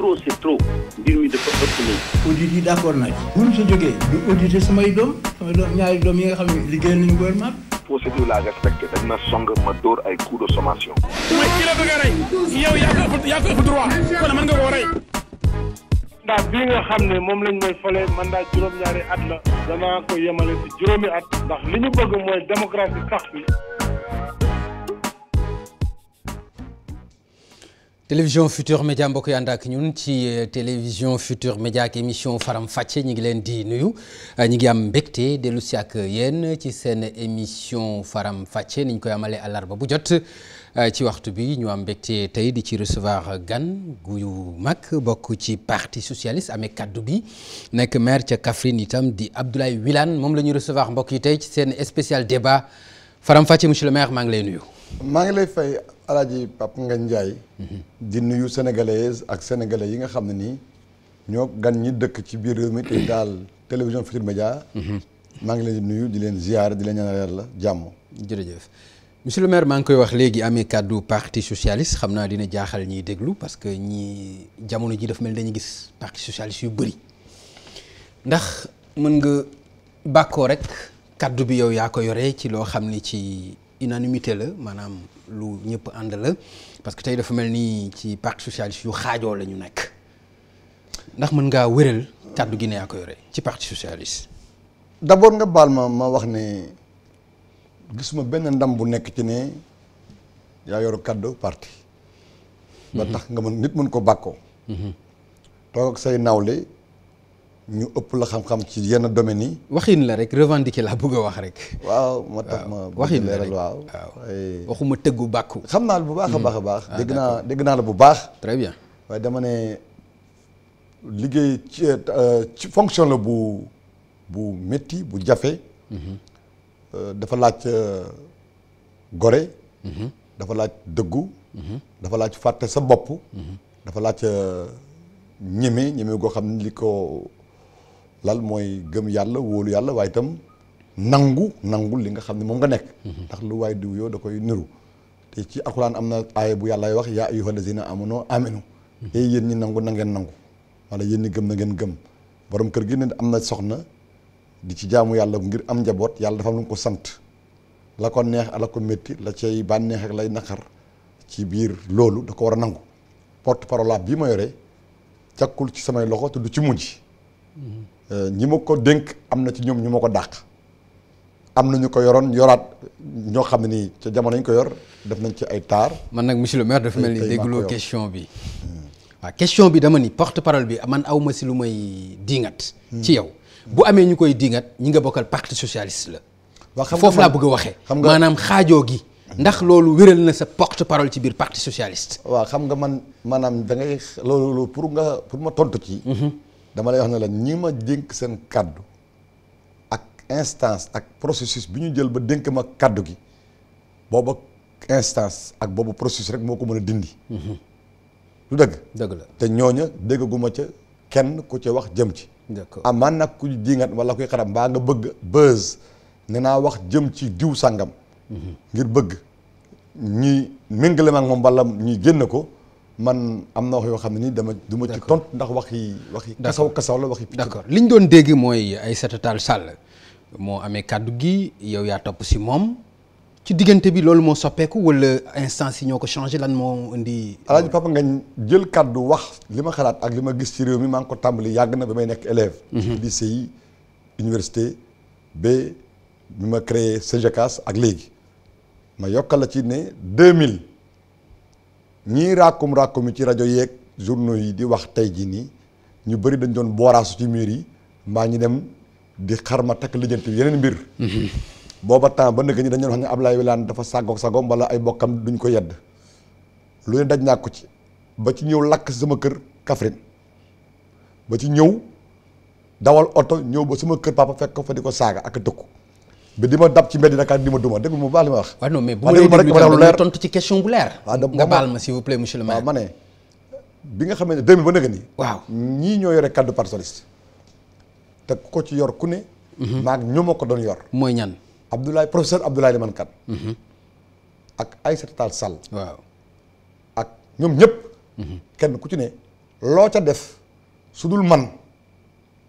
trop c' est trop mbir mi dafa ëpp léegi. audit yi d' bu ñu sa jógee du auditer samay doom samay doom ñaari doom yi nga xam ne liggéey nañu gouvernement procédure la respecté dañ ma ma dóor ay coups de sommation. la bëgg a rey yow yaa ko ëpp yaa ko ëpp droit kon mën nga koo rey. ndax bii nga xam ne moom lañ may fale mandat juróom-ñaari at la. danaa ko yemale ci juróomi at. ndax li ñu bëgg mooy démocratie sax bi. télévision Futur Média mbokk yi ànd ak ñun ci euh, télévision Futur Média ak émission Faram Facce ñi ngi leen di nuyu euh, ñi ngi am mbégte dellu si ak yéen ci seen émission Faram Facce ni ñu koy amalee àllarba bu jot euh, ci waxtu bi ñu am mbégte tey di ci recevoir gan gu mag bokk ci parti socialiste amee kaddu bi nekk maire ca Kaffrine itam di Abdoulaye Wilane moom la ñuy recevoir mbokk yi tey ci seen spécial débat Faram Facce monsieur le maire maa ngi lay nuyu. maa ngi alaaji Pape Ngagne Ndiaye di nuyu sénégalaises ak sénégalais yi nga xam ne nii ñoo gan ñi dëkk ci biir réew mi daal télévision Futurs Médias maa ngi leen di nuyu di leen ziar di leen ñaanal yàlla jàmm jërëjëf monsieur le maire maa ngi koy wax léegi amee kàddu parti socialiste xam naa dina jaaxal ñiy déglu parce que ñii jamono ji daf mel dañu gis parti socialiste yu bëri ndax mën nga bàkkoo rek kàddu bi yow yaa ko yore ci loo xam ni ci unanimité la maanaam lu ñëpp ànd la parce que tey dafa mel ni ci parti socialiste yu xaajoo la ñu nekk ndax mën ngaa wéral kàddu gi ne yaa ko yore ci parti socialiste. d'abord nga baal ma ma wax ne gisuma benn ndam bu nekk ci ne yaa yor kàddu parti. ba mhm. tax nga mën nit mën ko bàkkoo. Mhm. toog ak say nawle. ñu ëpp la xam-xam ci yenn domaines yi. waxin la rek revendiquer laa bëgg a wax rek. waaw moo tax ma waxin la rek waaw. waxuma tëggu bàkku. xam naa la bu baax a hmm. baax a baax. Ah, dégg naa dégg naa la bu baax. très bien waaye dama ne liggéey ci euh, euh, fonction la bu bu métti bu jafe. Mhm. Euh, dafa laaj gore. Mhm. dafa laaj dëggu. Mhm. dafa laaj fàtte sa bopp. dafa laaj ñeme ñeme goo xam ne li ko. lal mooy gëm yàlla wóolu yàlla waaye itam nangu nangu li nga xam ne moom nga nekk mhm. ndax lu waaye diw yoo da koy niru te ci alxuraan am na aaya bu yàllaay wax yaa ayyuhal lazina amanu aminu mhm. ey yéen ñi nangu na ngeen nangu wala yéen gëm na ngeen gëm borom kër gi am na soxna di ci jaamu yàlla ngir am njaboot yàlla dafa am lu ko sant la ko neex ala ko metti la cay bànneex ak lay naqar ci biir loolu da ko war a nangu porte parole bi ma yore càkkul ci samay loxo te du ci mujj mhm. ñi ma ko dénk am na ci ñoom ñu ma ko dàq am na ko yoroon yoraat ñoo xam ne nii ca jamono ñu ko yor def nañ ci ay taar. man nag monsieur le maire dafa mel ni dégguloo question bi. Hmm. waaw question bi dama ni porte parole bi man aw ma si lu may diingat. Hmm. ci yow bu amee ñu koy diingat ñi nga bokkal parti socialiste la. waaw foofu laa bëgg a waxee. xam nga maanaam xaajoo gi. ndax loolu wéral na sa porte parole ci biir parti socialiste. waa xam nga man maanaam da ngay loolu pour nga pour ma tontu ci. Hmm. dama lay wax ne la ñi ma dénk seen kàddu ak instance ak processus bi ñu jël ba dénk ma kàddu gi booba instance ak boobu processus rek moo ko mën a dindi. Mhm. lu dëgg. dëgg te ñooña déggaguma ca kenn ku ca wax jëm ci. d'accord amaan nag ku jiingat wala kuy xaram mbaa nga bëgg buzz nee naa wax jëm ci diw sàngam. Mhm. ngir bëgg ñi méngale ma ak moom ñi génn ko. man am na wax yoo xam ne ni dama du ma ci tont ndax wax yi wax yi kasaw kasaw la wax yi d'accord li ñu doon dégg mooy ay Aïssata Tall Sall moo amee kàddu gi yow yaa topp si moom ci diggante bi loolu moo soppeeku wala instance yi ñoo ko changé lan moo indi alaaji papa nga jël kàddu wax li ma xalaat ak li ma gis ci réew mi maa ngi ko tàmbali yàgg na ba may nekk élève mhm. ci lycée yi université ba bi ma créé CGCAS ak léegi ma yokkal la ci ne 2000 ñii ràkkum ràkkum yi ci rajo yeeg journaux yi di wax tey jii nii ñu bari dañ doon booraasu ci miir yi mbaa ñi dem di xar ma takk lijjanti yeneen mbir. Mm-hmm. booba temps ba nëgë ñi dañ doon wax ne Ablaye Wilane dafa sàggoog sagom wala ay bokkam duñ ko yedd lu ne daj naa ko ci ba ci ñëw lakk sama kër Kaffrine ba ci ñëw dawal oto ñëw ba sama kër papa fekk fa di ko saaga ak a tëkku. bi di ma dab ci mbedd naka di ma duma déglu mu baax li ma wax. waaw mais bu ma déglu tontu ci ma s'il vous bi nga xam ne 2000 ba nëgën ñii ñoo yore kaddu parti socialiste te ko ci yor ku ne. Mhm. maa ngi ñoo ma ko doon yor. mooy ñan Abdoulaye professeur Abdoulaye Limane Kane. Mhm. ak Aïssata Tall Sall. sal ak ñoom ñëpp. Mhm. kenn ku ci ne loo ca def su dul man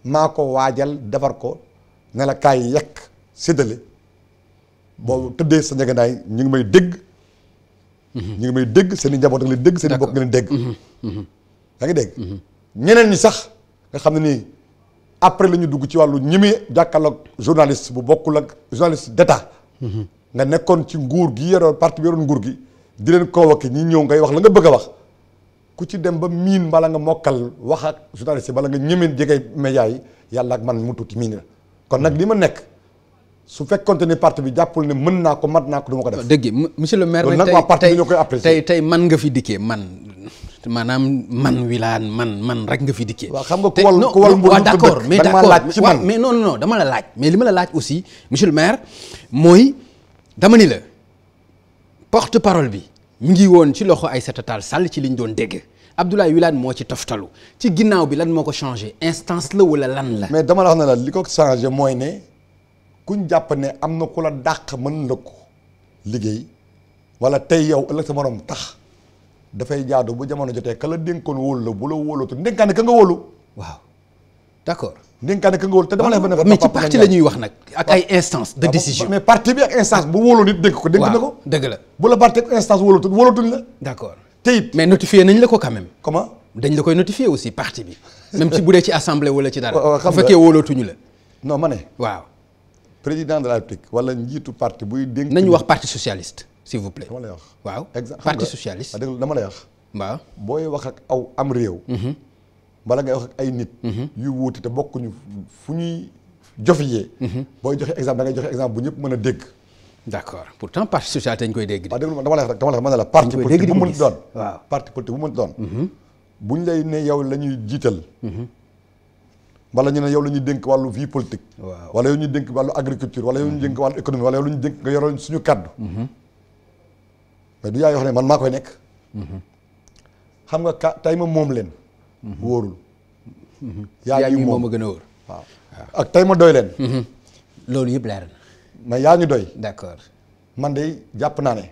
maa ko waajal defar ko ne la kaay yekk. séddale boo tëddee sa njëgënaay ñu ngi may dégg. Mhm. ñu ngi may dégg seen i njaboot nga leen dégg seen i bokk nga leen dégg. Mhm. Mhm. yaa ngi dégg. ñeneen ñi sax nga xam ne nii après la ñu dugg ci wàllu ñi muy jàkkaarloog journaliste bu bokkul ak journaliste deta nga nekkoon ci nguur gi yoroon parti bi yoroon nguur gi di leen ki ñi ñëw ngay wax la nga bëgg a wax. ku ci dem ba miin bala nga mokkal wax ak journaliste bala nga ñemeen jege média yi yàlla ak man mu tuuti miin kon nag li ma nekk. su fekkonte ne parti bi jàppul ne mën naa ko mat naa ko duma ko def. dëgg monsieur le maire nag waa parti bi ñoo tey tey man nga fi dikkee man maanaam man wilaan man man rek nga fi dikkee. waaw xam nga ku wal ku wal mburu waaw d' accord mais d' accord mais non non dama la laaj mais li ma la laaj aussi monsieur mooy dama ni la porte parole bi mu ngi woon ci loxo ay Tall Sall ci liñ doon dégg. Abdoulaye Wilane moo ci toftalu ci ginnaaw bi lan moo ko changé instance la wala lan la. mais dama la wax ne la li ko changé mooy ne. kuñ jàpp ne am na ku la dàq mën la ko liggéey wala tey yow ëllëg sa morom tax dafay jaadu bu jamono jotee ka la dénkoon wóolu la bu la wóolootu ndénkaane ka nga wóolu waaw d'accord ndénkaane ka nga wóolu te dama lay bëgg la ñuy wax nag ak ay instance ah mais parti bi ak instance bu wóolu nit dénk ko dénk na ko dëgg la bu la parti ak instance wóolootu wóolootuñ la d'accord te it mais notifié nañ la ko quand même comment dañ la koy notifié aussi parti bi même ci bu dee ci assemblée wala ci dara bu fekkee la non ma ne waaw président de la République wala njiitu parti buy dénk. nañu wax parti socialiste s'il vous plaît. dama la wax waaw parti socialiste dama lay wax. waaw booy wax ak aw am réew. Mhm. bala ngay wax ak ay nit. Mhm. yu wuute te bokkuñu fu ñuy jofiyee. Mhm. booy joxe exemple da ngay joxe exemple bu ñëpp mën a dégg. d'accord pourtant parti socialiste dañ koy dégg. waaw dégg nga dama lay wax dama lay wax man la parti politique bu mu mën doon. waaw parti politique bu mu mën doon. lay ne yow la ñuy jiital. wala ñu ne yow la ñuy dénk wàllu vie politique wala yow ñuy dénk wàllu agriculture wala yow ñu dénk wàllu économie wala yow la ñu dénk nga yoroon suñu kàddu mhm. mais du yaay yoo xam ne man maa koy nekk mhm. xam nga ka tay ma moom leen mhm. wóorul yaa ñu moom a gën a wóor waaw ak tay ma doy leen loolu yëpp leer na mais yaa ñu doy d'accord man de jàpp naa ne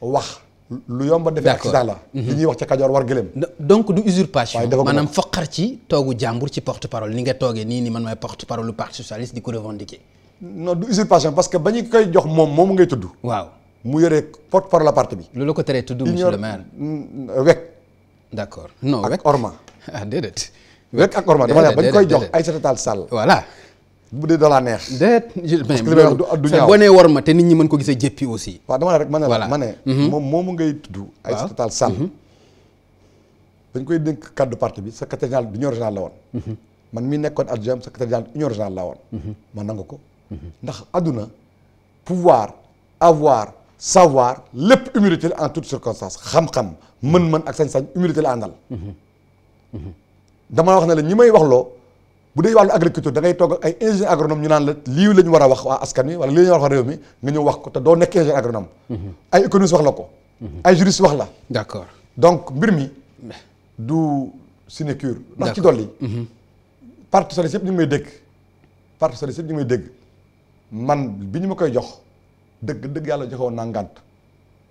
wax lu yomba defee accident la mhm. li ñuy wax ca Kajoor war gëléem donc du usurpation maanaam foqar ci toogu jàmbur ci porte parole ni nga toogee nii ni man maay porte parole lu parti socialiste di ko revendiquer non du usurpation parce que ba ñu koy jox moom moom ngay tudd waaw mu yore porte parole la parti bi loolu ko teree tudd monsieur le maire mm, mm, wek d'accord non wek ak orma ah déedéet wek ak orma dama la ba ñu koy jox Aïssata Tall Sall voilà bu dee da la neex. déet mais war ma te nit ñi mën ko gisee jéppi aussi. waaw dama ne rek ma ne mhm. moom ngay tudd. ay total sàll. dañ koy dénk cadre parti bi sa général d'union régionale la woon. Mhm. man mii nekkoon adjoint secrétaire général d'union régionale la woon. Mhm. ma nangu ko. ndax àdduna pouvoir avoir savoir lépp humilité en tout circonstance xam-xam mën-mën ak sañ-sañ humilité la àndal. dama wax ne la ñi may wax loo. bu dee wàllu agriculture da ngay toog ay ingénieur agronome ñu naan la lii la ñu war a wax waa askan wi wala lii la ñu war a wax réew mi nga ñëw wax ko te doo nekk ingénieur agronome mhm. ay économiste wax la ko mhm. ay juriste wax la d'accord donc mbir mi du sinécure ndax ci dolli mhm. parti socialiste yëpp ñu ngi may dégg parti socialiste yëpp ñu ngi may dégg man bi ñu ma koy jox dëgg dëgg yàlla joxe woon naa ngànt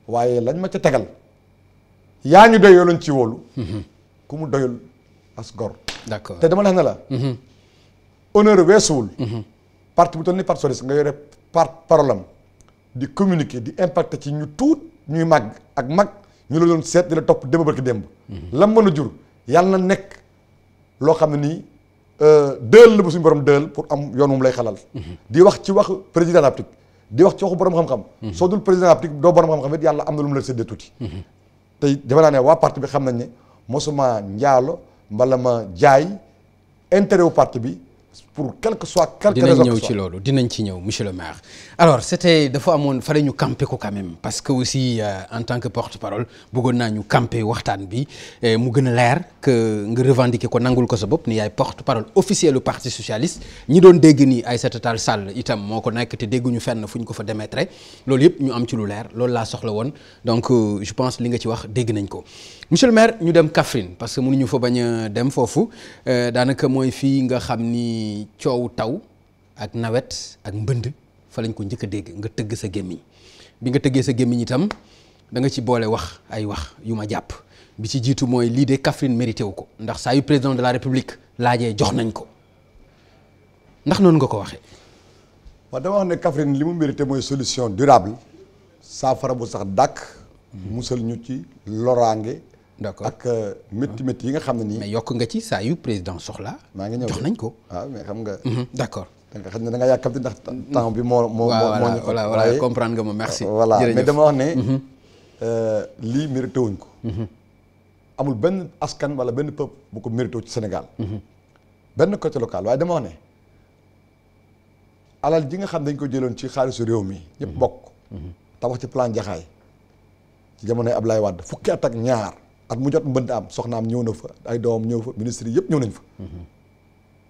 waaye lañ ma ca tegal yaa ñu doy yooluñ ci wóolu ku mu doyul as gor d'accord te dama lex na la honneur weesuwul. parti bu toll ni parti socialiste nga yore par parole am di communiquer di impacter ci ñu tuut ñuy màgg ak mag ñu la doon seet di la topp démb barki démb. lam mën a jur yàlla na nekk loo xam ne nii euh, dëël la bu suñu borom dëël pour am yoon moom lay xalal. di wax ci wax président de la di wax ci waxu borom xam-xam. soo dul président de la République doo borom xam-xam yàlla am na lu mu la séddee tuuti. tey defe naa ne waa parti bi xam nañ ne mosuma njaalo mbala ma jaay intérêt wu parti bi. pour quel soit quelque dinañ ñëw ci loolu dinañ ci ñëw monsieur le maire alors c'était dafa amoon fare ñu campé ko quand parce que aussi euh, en tant que porte-parole bëggoon naa ñu campé waxtaan bi mu gën a leer que nga revendiquer ko nangul ko sa bopp ni yaay porte-parole officiel du parti socialiste ñi doon dégg ni ay Tall Sall itam moo ko nekk te dégguñu fenn fu ñu ko fa démettre loolu yëpp ñu am ci lu leer loolu laa soxla woon donc euh, je pense li nga ci wax dégg nañ ko monsieur le maire ñu dem Kaffrine parce que mënuñu fa bañ a dem foofu euh, daanaka mooy fii nga xam ni ci coowu taw ak nawet ak mbënd fa lañ ko njëkk dégg nga tëgg sa gémmiñ bi nga tëggee sa gémmiñ itam da nga ci boole wax ay wax yu ma jàpp bi ci jiitu mooy lii de Kaffrine mérité wu ko ndax saa yu président de la république laajee jox nañ ko ndax noonu nga ko waxee. waaw dama wax ne Kaffrine li mu mérité mooy solution durable saafara bu sax dàkk. musal ñu ci loraange. d'accord ak euh, métti ah. métti yi nga xam ne nii. mais yokk nga ci saa yu président soxla maa ngi ñëw jox nañ ko. waaw ah, mais xam nga. Mhm, d'accord. danga xam ne da nga yàkkamti ndax temps bi moo. moo moo ñu voilà voilà comprendre nga ma merci. voilà mais dama wax ne. Mhm. Euh, lii mérité wuñ ko. Mhm. amul benn askan wala benn peuple bu ko mérité ci Sénégal. benn côté local waaye dama wax ne alal ji nga xam dañ ko jëloon ci xaalisu réew mi. ñëpp bokk. tabax ci plan Jaxaay ci jamonoy Ablaye Wade fukki at ak ñaar. at mu jot mbënd am soxnaam ñëw na fa ay doomam ñëw fa ministres yi yëpp ñëw nañ fa.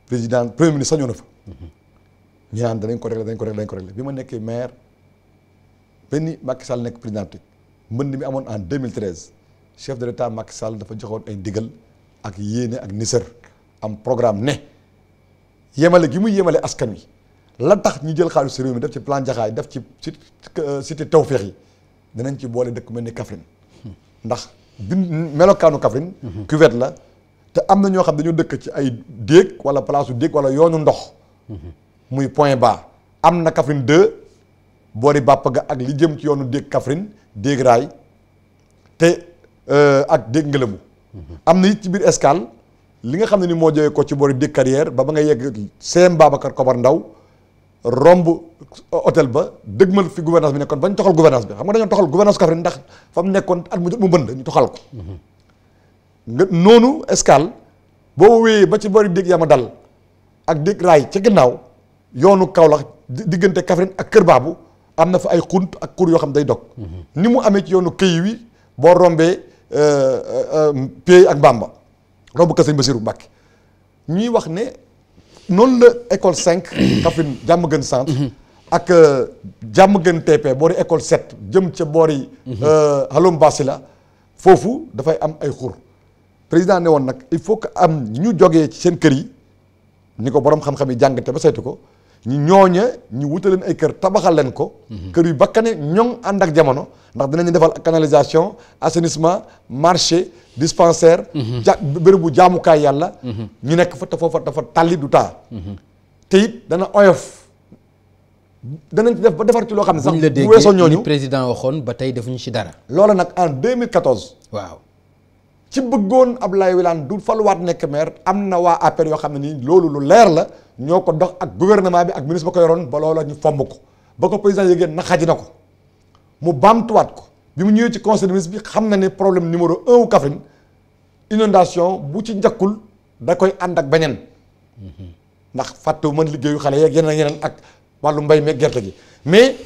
président premier ministre sax ñëw na fa. ñu danañ ko réglé danañ ko réglé danañ ko réglé bi ma nekkee maire benn Macky Sall nekk président mbënd mi amoon en 2013 chef de l'état Macky Sall dafa joxoon ay ndigal ak yéene ak nisër am programme ne yemale gi muy yemale askan wi la tax ñu jël xaalis réew mi def ci plan jaxaay def ci cité Tawfeex yi dinañ ci boole dëkk mel ni Kaffrine ndax. bind melokaanu Kaffrine mhm. cuvette la te am na ñoo xam dañoo dëkk ci ay déeg wala place su déeg wala yoonu ndox mhm. muy point bas am na Kaffrine 2 boori bàpp ga ak li jëm ci yoonu dégg kafrin déeg raay te euh, ak déeg ngëlëmu mhm. am na yit ci biir escale li nga xam ne ni moo jógee ko ci boori déeg carrière ba ba nga yegg CM Babacar Kobar Ndaw romb hôtel ba dëgmal fi gouvernance bi nekkoon bañ ñu toxal gouvernance bi xam nga dañoo toxal gouvernance Kaffrine ndax fa mu nekkoon at mu jot mu bënd ñu toxal ko nga noonu escale boo wéyee ba ci boori dégg yama dal ak dégg raay ca ginnaaw yoonu Kaolack diggante Kaffrine ak Kër Baabu am na fa ay xunt ak xur yoo xam day dog ni mu amee ci yoonu këy wi boo rombee euh, euh, euh, Piey ak Bamba romb kër Sëñ Basiru Mbàkke ñuy wax ne noonu la école cinq Kaffrine jàmm gën centre. ak euh, jàmm gën TP boori école 7 jëm ca boori. Euh, Halum la foofu dafay am ay xur. président ne woon nag il faut que am ñu jogee ci seen kër yi ni ko borom xam-xam yi jàngate ba saytu ko. ñu ñooña ñu wutaleen ay kër tabaxal leen ko kër yu bakkane ñoŋ ànd ak jamono ndax dinañu defal canalisation assainissement marché dispensaire ja bérébu jaamukaay yàlla ñu nekk fa te foofa dafa tali du taa te it dana oyof danañ ci def ba defar ci loo xam ne sax bu weesoo ñooñu président waxoon ba tey defuñu ci dara loola nag en 2014 waaw ci bëggoon Abdoulaye Wilane du faluwaat nekk maire am na waa APR yoo xam ne nii loolu lu leer la ñoo ko dox ak gouvernement bi ak ministre ba ko yoroon ba loola ñu fomb ko ba ko président yëgee naxaji na ko mu baamtuwaat ko bi mu ñëwee ci conseil bi xam na ne problème numéro un wu Kaffrine inondation bu ci njëkkul da koy ànd ak beneen ndax fàttewu man liggéeyu xale yeeg yeneen ak yeneen ak wàllu mbay meeg gerte gi mais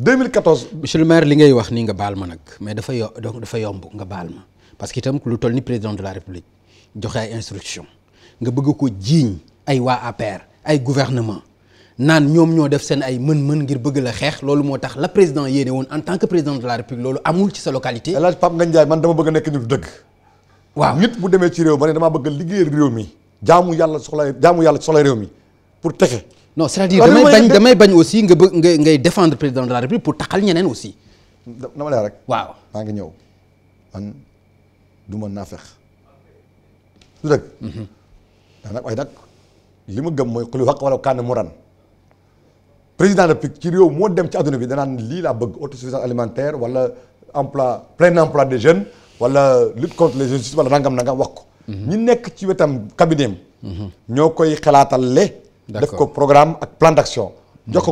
2014. monsieur le maire li ngay wax nii nga baal ma nag mais dafa yo dafa yomb nga baal ma. parce que itam lu toll ni président de la république joxe ay instruction nga bëgg ko jiiñ ay waa APR ay gouvernement naan ñoom ñoo def seen ay mën-mën ngir bëgg la xeex loolu moo tax la président yéene woon en tant que président de la république loolu amul ci sa localité. El Hadj Pape Ngagne Ndiaye man dama bëgg a nekk nitu dëgg. waaw nit bu demee ci réew ma ne damaa bëgg a liggéeyal réew mi jaamu yàlla soxla jaamu yàlla soxla réew mi pour texe. non c'est-à-dire damay damay bañ aussi nga bëgg nga ngay défendre président de la république pour taxal ñeneen aussi. dama lay rek. waaw maa ngi ñëw du ma naafeq su dëgg mhm. daa nag waaye nag li ma gëm mooy xulu xaq wala kaana mu ran président de PIC ci réew moo dem ci adduna bi danaan lii laa bëgg autosuffisance alimentaire wala emploi plein emploi de jeunes wala lutte contre les injustices wala nangam nangam wax ko mhm. ñi nekk ci wetam cabinet mhm. ñoo koy xalaatal le def ko programme ak plan d' action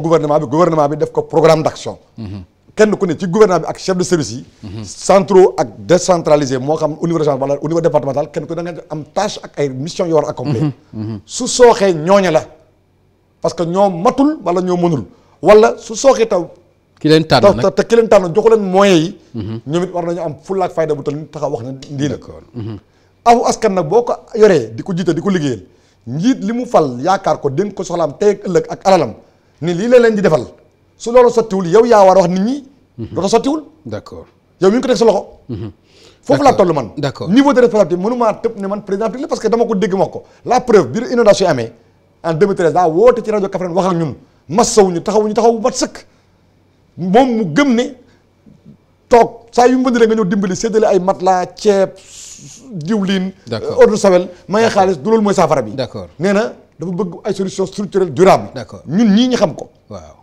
gouvernement bi gouvernement bi def ko programme d' kenn ku ne ci gouvernement bi ak chef de service yi. centraux ak décentralisé moo xam au niveau régional wala au niveau départemental kenn ku ne da nga am tâche ak ay mission yoo war su sooxee ñooña la. parce que ñoo matul wala ñoo mënul wala su sooxee taw. ki leen tànn nag te ki leen tànn joxu leen moyens yi. Mhm. ñoom it war nañu am fulla ak fayda bu toll nii taxaw wax ne lii la. Mhm. aw askan nag boo ko yoree di ko jiite di ko liggéeyal njiit li mu fal yaakaar ko dénk ko soxlaam tey ëllëg ak alalam ni lii la leen di defal. su loolu sottiwul yow yaa war a wax nit ñi. Mhm. loolu sottiwul. d'accord yow mi ko teg sa loxo. Mhm. foofu laa toll man. d'accord niveau de responsabilité mënumaa tëb ne man président la ko dégg ko. la preuve bi inondation yi amee en 2013 daa woote ci rajo Kaffrine taxaw bu mat sëkk moom mu gëm ne toog saa yu mbënd la nga ñëw dimbali séddale ay matelas ceeb diwlin. d'accord eau de Javel ma ngi xaalis du loolu mooy saafara bi. d'accord nee na dafa bëgg ay solutions structurelles durables. d'accord ñun ñii ñu xam ko waaw.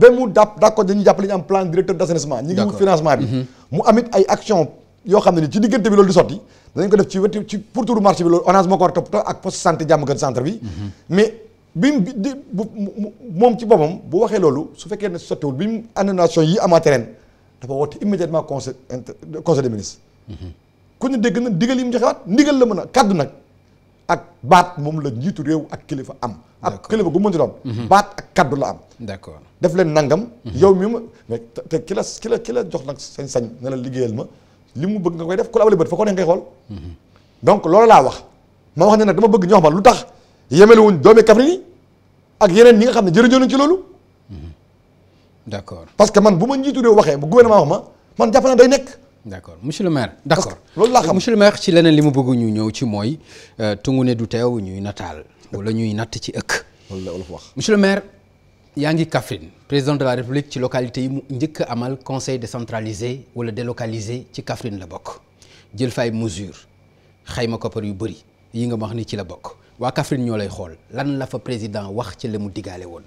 ba mu dàpp d'accord dañuy jàpp li ñu am plan directeur d'assainissement ñi ngi mhm. yoo xam ne ni ci diggante bi loolu di sotti danañ ko def ci wetu ci pourtour marché bi loolu ONAS moo ko war a toppatoo ak poste santé jàmm gën centre bi mhm. mais bi mu moom ci boppam bu waxee loolu su fekkee ne sottiwul bi mu annulation yi amaat ren dafa woote immédiatement conseil conseil des ministres mhm. ku ñu dégg na ndigal yi mu joxewaat ndigal la mën a kàddu nag ak baat moom la njiitu réew ak kilifa am ak kilifa gu mu mënti doon mhm. baat ak kaddu la am d'accord def leen nangam yow mi ma te ki la ki jox nag sañ-sañ ne liggéeyal ma li mu bëgg nga koy def ku la abale bët fa ko neex ngay xool mhm. donc loolu laa wax ma wax ne nag dama bëgg ñu wax lu tax yemele wuñ doomi Kaffrine yeneen ñi nga xam ne jërëjëf nañ ci loolu mhm. d'accord parce que man bu ma njiitu réew waxee bu gouvernement wax ma man jàpp naa day nekk d'accord monsieur le maire d'accord loolu laa xam monsieur le ci leneen li mu bëgg ñu ñëw ci mooy euh, tungu ne du teew ñuy nataal wala ñuy natt ci ëkk. loolu la wax monsieur le maire yaa ngi Kaffrine président de la république ci localité yi mu njëkk amal conseil décentralisé wala délocalisé ci Kaffrine la bokk jël fay mesure xayma koppar yu bëri yi nga wax ni ci la bokk waa Kaffrine ñoo lay xool lan la fa président wax ci la mu digaale woon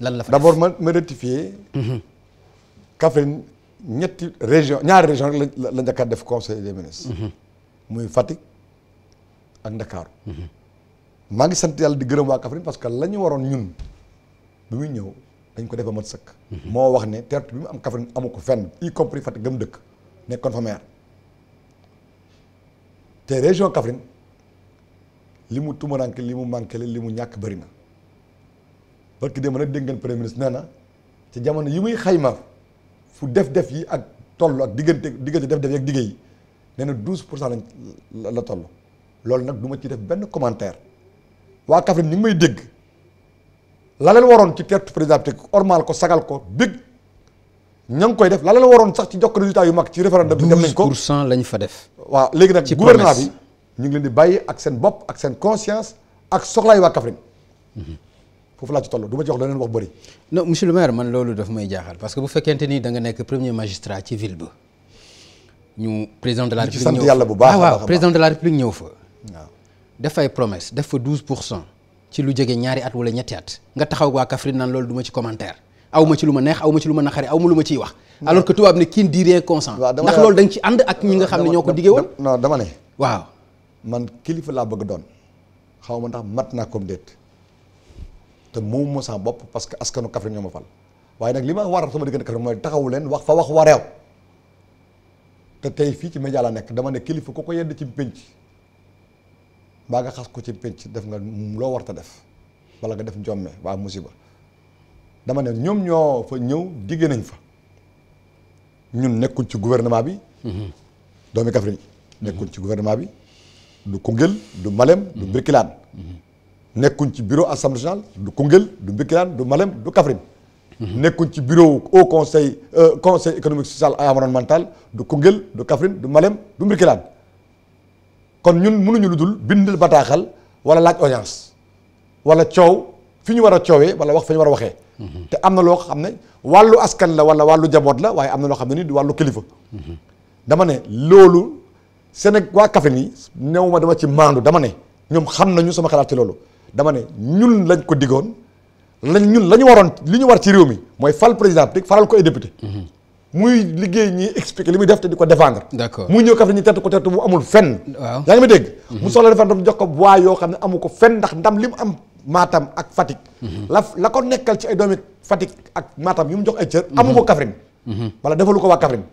lan la fa. d'abord ma ma rectifier. Mhm. Kaffrine ñetti région ñaari région rek la la def conseil des ministres. Mhm. muy Fatick ak Ndakaaru mhm. maa ngi sant yàlla di gërëm waa Kaffrine parce que la ñu waroon ñun bi muy ñëw dañ ko defa mat sëkk mhm. moo wax ne tertu bi mu am Kaffrine amu ko fenn y compris Fatick dëkk nekkoon fa maire te région Kaffrine li mu tumaranke li mu manqué li mu ñàkk bëri na parce que démb nag dégg ngeen premier ministre nee na ci jamono yi muy xayma fu def-def yi ak toll ak diggante diggante def-def yi ak diggé yi nee douze pour cent lañ la toll loolu nag duma ci def benn commentaire waa Kaffrine ñu ngi may dégg la leen waroon ci teertu président bi ormal ko sagal ko big ña ngi koy def la waroon sax ci jokk résultat yu mag ci référendum bi dem nañ ko 12 pour cent lañ fa def. waaw léegi nag bi ñu ngi leen di bàyyi ak seen bopp ak seen conscience ak soxlaay waa Kaffrine. Mhm. foofu laa ci toll du ma ci wax leneen bëri. non man loolu daf may jaaxal parce que bu fekkente ni danga nekk premier magistrat ci ville ba ñu président de la. république ñëw fa yàlla bu baax ah, waaw la république ñëw fa def ay promesse def fa 12 pour cent ci lu jege ñaari at wala ñetti at nga taxaw waa Kaffrine naan loolu duma ci commentaire aw ma ci lu ma neex aw ma ci lu ma naqari aw ma lu ma ciy wax. alors que tubaab ne qui ne dit rien consent. ndax loolu da nga ci ànd ak ñi nga xam ne ñoo ko diggee woon. non dama ne. waaw man kilifa laa bëgg doon xaw ma ndax mat naa comme déet te moom moo sama bopp parce que askanu Kaffrine ñoo ma fal waaye nag li ma war sama diggante Kaffrine mooy taxawu leen wax fa wax wareew te tey fii ci média la nekk dama ne kilifa ku ko yedd ci pénc mbaa nga xas ko ci pénc def nga loo warta def wala nga def njomme waa musiba dama ne ñoom ñoo fa ñëw digge nañ fa ñun nekkuñ ci gouvernement bi mm-hmm. doomi Kaffrine nekkuñ ci gouvernement bi du Koungheul du Malem du mm-hmm. Birkilane mm-hmm. ci bureau assemblée nationale du Koungheul du Birkilane du Malem du Kaffrine nekkuñ ci bureau au conseil euh, conseil économique social et environnemental du Koungheul du Kaffrine du Malem du Birkilane kon ñun mënuñu lu dul bind bataaxal wala laaj audience wala coow fi ñu war a coowee wala wax fi ñu war a waxee. Mhm. te am na loo xam ne wàllu askan la wala wàllu jaboot la waaye am na loo xam ne nii ni wàllu kilifa. Mhm. dama ne loolu Sénégal waa Kaffrine yi néew dama ci maandu dama ne ñoom xam nañu sama xalaat ci loolu dama ne ñun lañ ko diggoon lañ ñun la ñu waroon li ñu war ci réew mi mooy fal président faral ko ay député. Mhm. muy liggéey ñi expliqué li muy def te di ko défendre. d'accord muy ñëw Kaffrine ñu tett ko tett bu amul fenn. waaw yaa ngi ma dégg. Mhm. mu soxla référendum jox ko voix yoo xam ne amu ko fenn ndax ndam li mu am maatam ak Fatick. Mhm. la la ko nekkal ci ay doomi Fatick ak maatam yu mu jox ay cër. Mhm. amu ko Kaffrine. wala defalu ko waa Kaffrine.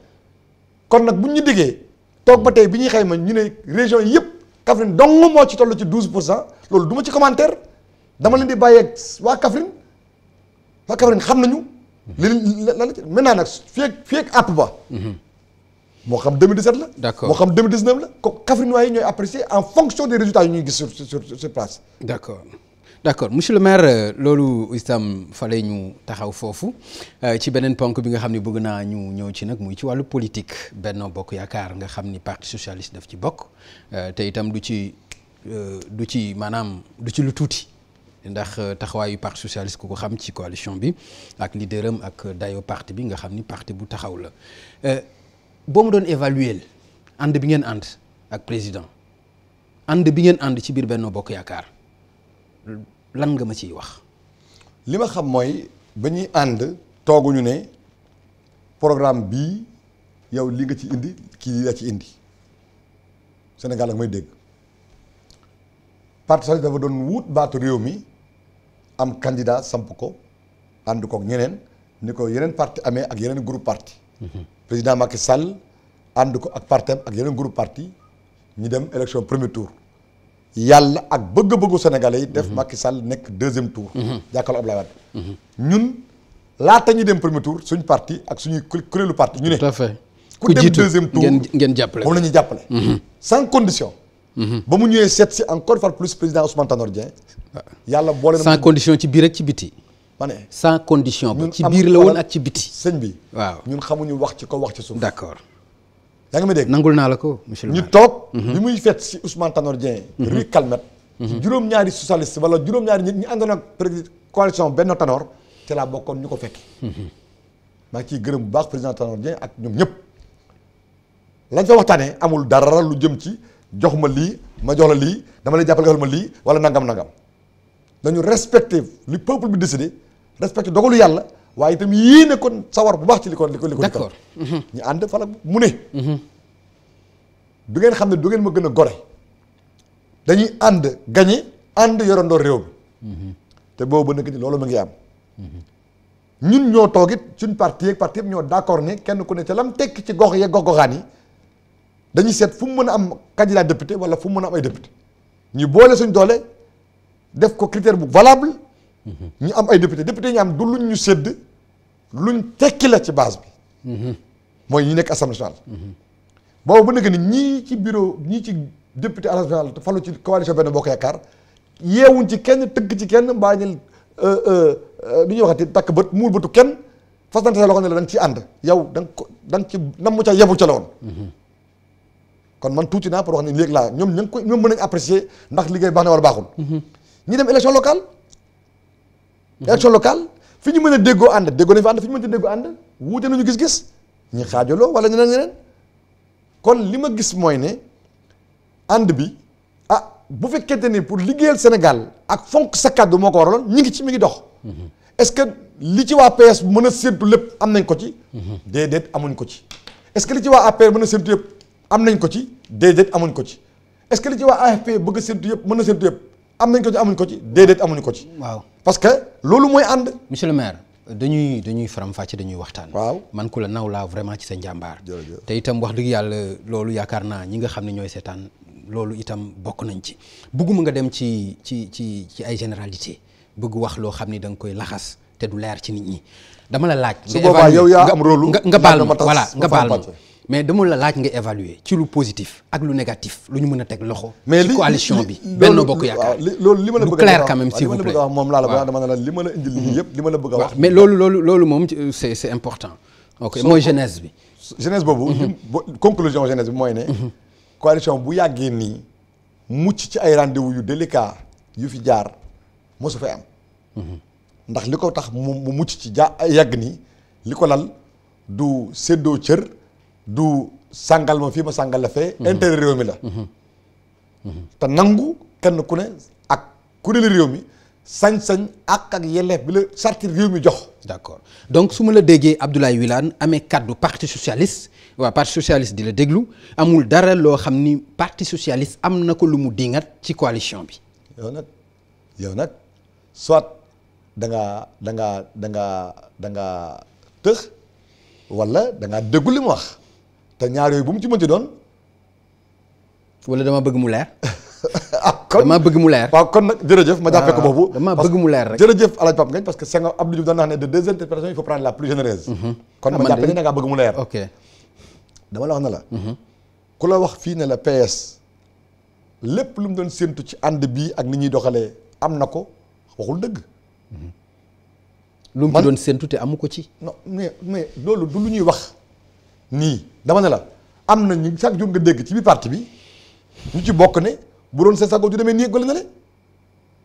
kon nag bu ñu déggee toog ba tey bi ñuy ma ñu ne région yëpp Kaffrine dong moo ci toll ci 12 pour cent loolu duma ci commentaire dama leen di bàyyeeg xam nañu. li lan la ci maintenant nag feeg feeg app ba. moo xam 2017 la. d'accord moo xam 2019 la ko Kaffrinois waaye ñooy apprécier en fonction des résultats yu ñuy gis sur sur sur place. d'accord d'accord le maire euh, loolu itam fale ñu taxaw foofu euh, ci beneen ponk bi nga xam ne bëgg naa ñu ñëw ci nag muy ci wàllu politique Benno Bokk Yaakaar nga xam ni parti socialiste def ci bokk euh, te itam du ci du ci maanaam du ci lu tuuti. ndax euh, taxawaayu parti socialiste ku ko xam ci coalition bi ak leaderam ak euh, dayo parti bi nga xam ni parti bu taxaw la euh, boo ma doon évaluer ànd bi ngeen ànd ak président ànd bi ngeen ànd ci biir Benno Bokk Yaakaar lan nga ma ciy wax. li ma xam mooy ba ñuy ànd tooguñu ne programme bi yow li nga ci indi kii la ci indi Sénégal ak may dégg. parti socialiste dafa doon wut baatu réew mi am candidat samp ko ànd ko ñeneen ni ko yeneen parti amee ak yeneen groupe parti mhm. président Macky Sall ànd ko ak partem ak yeneen groupe parti ñu dem élection premier tour yàlla ak bëgg-bëggu Sénégalais yi def mhm. Macky Sall nekk deuxième tour mhm. jàkkaarloo Abdoulaye Wade ñun laata ñu dem premier tour suñu parti ak suñuy kuréelu parti ñu ne tout à fait ku dem deuxième tour ngeen jàppale la ñuy jàppale sans condition ba mu ñëwee seet si encore far plus président Ousmane Tanor Dieng. yàlla boole na sans condition ci biir ak ci biti. ma ne sans condition. ba ci biir la woon ak ci biti. sëñ bi waaw ñun xamuñu wax ci ko wax ci su d' accord yaa ngi ma dégg. nangul naa la ko monsieur le maire ñu toog. Mhm. bi muy seet si Ousmane Tanor Dieng. Mhm. rue Calmette. Mhm. juróom-ñaari socialiste wala juróom-ñaari ñi àndoon ak président coalition Benno Tanor te laa bokkoon ñu ko fekki. maa ngi ciy gërëm bu baax président Tanor Dieng ak ñoom ñëpp. lañ fa waxtaanee amul dara lu jëm ci. jox ma lii ma jox la lii dama lay jàppale nga ma lii wala nangam nangam nañu respecté li peuple bi décidé respecté dogalu yàlla waaye itam yéene kon sawar bu baax ci li ko li ko. d'accord mhm. ñu ànd fala mu ne. Mhm. du ngeen xam ne du ngeen ma gën a gore dañuy ànd gañe ànd yorandoo réew mi. Mhm. te boobu nag loolu ma ngi am. ñun ñoo toog it suñ parti yeeg parti yëpp ñoo d'accord ne kenn ku ne ca lam tekki ci gox yeeg gox goxaan yi. dañuy seet fu mu mën a am candidat député wala fu mu mën a am ay député ñi boole suñ doole def ko critère bu valable ñu am ay député député ñu am du luñ ñu sédd luñ tekki la ci base bi mooy ñu nekk assemblée nationale boobu ba nëgg ni ñii ci bureau ñii ci député assemblée nationale te falu ci coalition benn bokk yaakaar yeewuñ ci kenn tëgg ci kenn mbaa ñu lu euh, euh, ñuy waxati takk bët muur bëtu kenn fas nante sa loxo ne la da nga ciy ànd yow da ko da ci nam mu ca yebu ca la kon man tuuti naa pour wax ne léegi laa ñoom ña ngi ñoom mën nañu apprécier ndax liggéey baax na wala baaxul. ñi dem élection locale. élection locale fi ñu mën a déggoo ànd déggoo nañ fa ànd fi ñu mën a déggoo ànd wuute ñu gis-gis ñi xaajaloo wala ñeneen ñeneen kon li ma gis mooy ne ànd bi ah bu fekkente ni pour liggéeyal Sénégal ak fonk sa kàddu moo ko waraloon ñi ngi ci mi ngi dox. est-ce que li ci waa PS mën a séntu lépp am nañ ko ci. Mhm. déedéet amuñ ko ci. est-ce que ci waa APR mën a séntu am nañ ko ci déedéet amuñ ko ci est-ce que li ci waa AFP bëgg séntu yëpp mën na séntu yëpp am nañ ko ci amuñ ko ci déedéet amuñ ko ci. waaw parce que loolu mooy ànd. monsieur le maire dañuy dañuy faram-fàcce dañuy waxtaan. waaw man ku la naw laa vraiment ci sa njàmbaar. te itam wax dëgg yàlla loolu yaakaar naa ñi nga xam ne ñooy seetaan loolu itam bokk nañ ci bëgguma nga dem ci ci ci ci ay généralité bëgg wax loo xam ni da nga koy laxas te du leer ci nit ñi dama la laaj. su boobaa yow yaa am rôle nga baal ma voilà nga baal ma mais dama la laaj nga évaluer ci lu positif ak lu négatif lu ñu mën a teg loxo. mais li coalition bi benn bokk yaakaar. loolu li ma la bëgg a wax clair quand même s'il vous plaît wax li ma la yëpp li bëgg a wax. mais loolu loolu loolu moom euh, c'est c'est important. ok mooy jeunesse bi. jeunesse boobu. Mhm. conclusion jeunesse bi mooy ne. Mhm. coalition bu yàggee nii mucc ci ay rendez yu délicat yu fi jaar mosu fa am. Mhm. ndax li ko tax mu mucc ci ja yàgg nii li ko lal du séddoo cër. du sangal ma fii ma sàngal la fee. Mhm. intérêt réew mi la. Mhm. Mhm. te nangu kenn ku ne ak ku ne la réew mi sañ-sañ ak ak yelleef bi la charte réew mi jox. d'accord donc su ma la déggee Abdoulaye Wilane amee kàddu parti socialiste waa parti socialiste di la déglu amul dara loo xam ni parti socialiste am na ko lu mu dingat ci coalition bi. yow nag yow nag soit da ngaa da ngaa da ngaa tëx wala danga ngaa déglu li mu wax. te ñaar yooyu bu mu ci mënti doon. wala dama bëgg mu leer. Ah, dama bëgg mu leer. waaw kon nag jërëjëf ma jàppee ko ah, boobu. dama mu leer rek jërëjëf El Hadj Pape Ngagne parce que Senghor Abdou Diouf daan naa ne de deux interprétations il faut prendre la mhm. ah, da ngaa bëgg la wax ne la. Mhm. ku la wax fii ne la PS lépp lu mu doon séntu ci ànd bii ak ni ñuy doxalee am na ko waxul dëgg. Mhm. lu mu doon séntu te amu ko ci. non mais mais loolu du lu ñuy wax. nii dama ne la am na ñu chaque jour nga dégg ci bi parti bi ñu ci bokk ne bu doon sa sago ju demee nii ak na le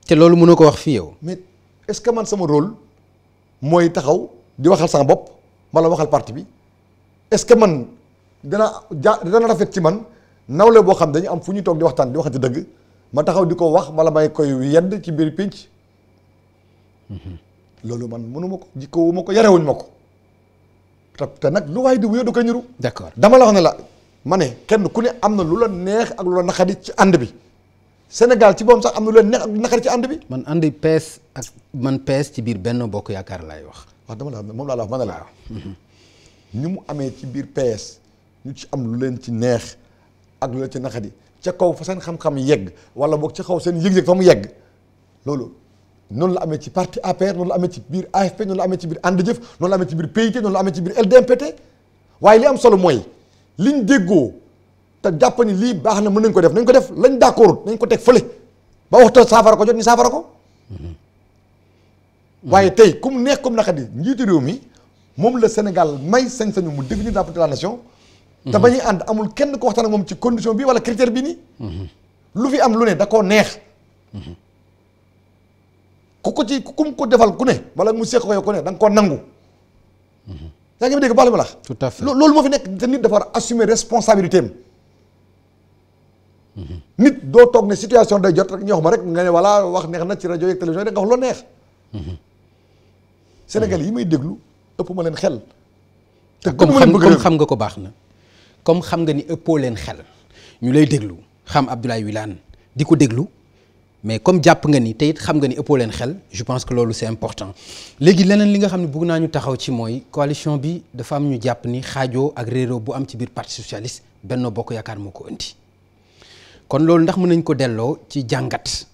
te loolu mënoo ko wax fii yow. mais est-ce que man sama rôle mooy taxaw di waxal sama bopp wala waxal parti bi est-ce que man dana ja dana rafet ci man nawle boo xam dañu am fu ñu toog di waxtaan di waxati dëgg ma taxaw di ko wax wala may koy yedd ci biir pénc mhm. loolu man mënu ma ko jikkoowuma ko yarewuñ ma ko. te nag lu waay di wuyoo du koy ñuru d'accord dama la wax ne la ma ne kenn ku ne am na lu la neex ak lu la naqari ci ànd bi Sénégal ci boom sax am na lu la neex ak lu ci ànd bi man ànd PS ak man PS ci biir benn bokk yaakaar laay wax wax dama la moom laa la ma ne la ñu mhm. mu amee ci biir PS ñu ci am lu leen ci neex ak lu leen ci naqari ca kaw fa seen xam-xam yegg wala boog ca kaw seen yëg-yëg fa mu yegg loolu noonu la amee ci parti APR noonu la amee ci biir AFP noonu amee ci biir ànd jëf noonu la amee ci biir PIT noonu la amee ci biir LDMPT waaye li am solo mooy liñ déggoo te jàpp lii baax na mën nañ ko def nañ ko def lañ d'accord nañ ko teg fële ba waxta saafara ko jot ñu saafara ko mm-hmm. waaye tey comme neex comme naka di njiitu réew mi moom la Sénégal may sañ-sañu mu devenir la de la nation te mm-hmm. ba ñuy ànd amul kenn ko waxtaan ak moom ci condition bi wala critère bi nii mm-hmm. lu fi am lu ne da koo neex ku ko ci kum ko defal ku ne wala mu seq ko yow ku ne da nga koo nangu. yaa ngi dégg baax ma la. tout à fait loolu moo fi nekk te nit dafa war assumer responsabilité am. Mhm. nit doo toog ne situation day jot rek ñoo xam rek nga ne voilà wax neex na ci rajo yeeg télévision rek nga wax loo neex. Mhm. Sénégal yi may déglu ëpp ma leen xel. te comme xam nga ko baax na. comme xam nga ni ëppoo leen xel ñu lay déglu xam Abdoulaye Wilane di ko déglu. mais comme jàpp nga ni te it xam nga ni ëppoo leen xel je pense que loolu c'est important léegi leneen li nga xam ne bëgg naa ñu taxaw ci mooy coalition bi dafa am ñu jàpp ni xaajoo ak réeróo bu am ci biir parti socialiste Benno Bokk Yaakaar moo ko indi kon loolu ndax mën nañ ko delloo ci jàngat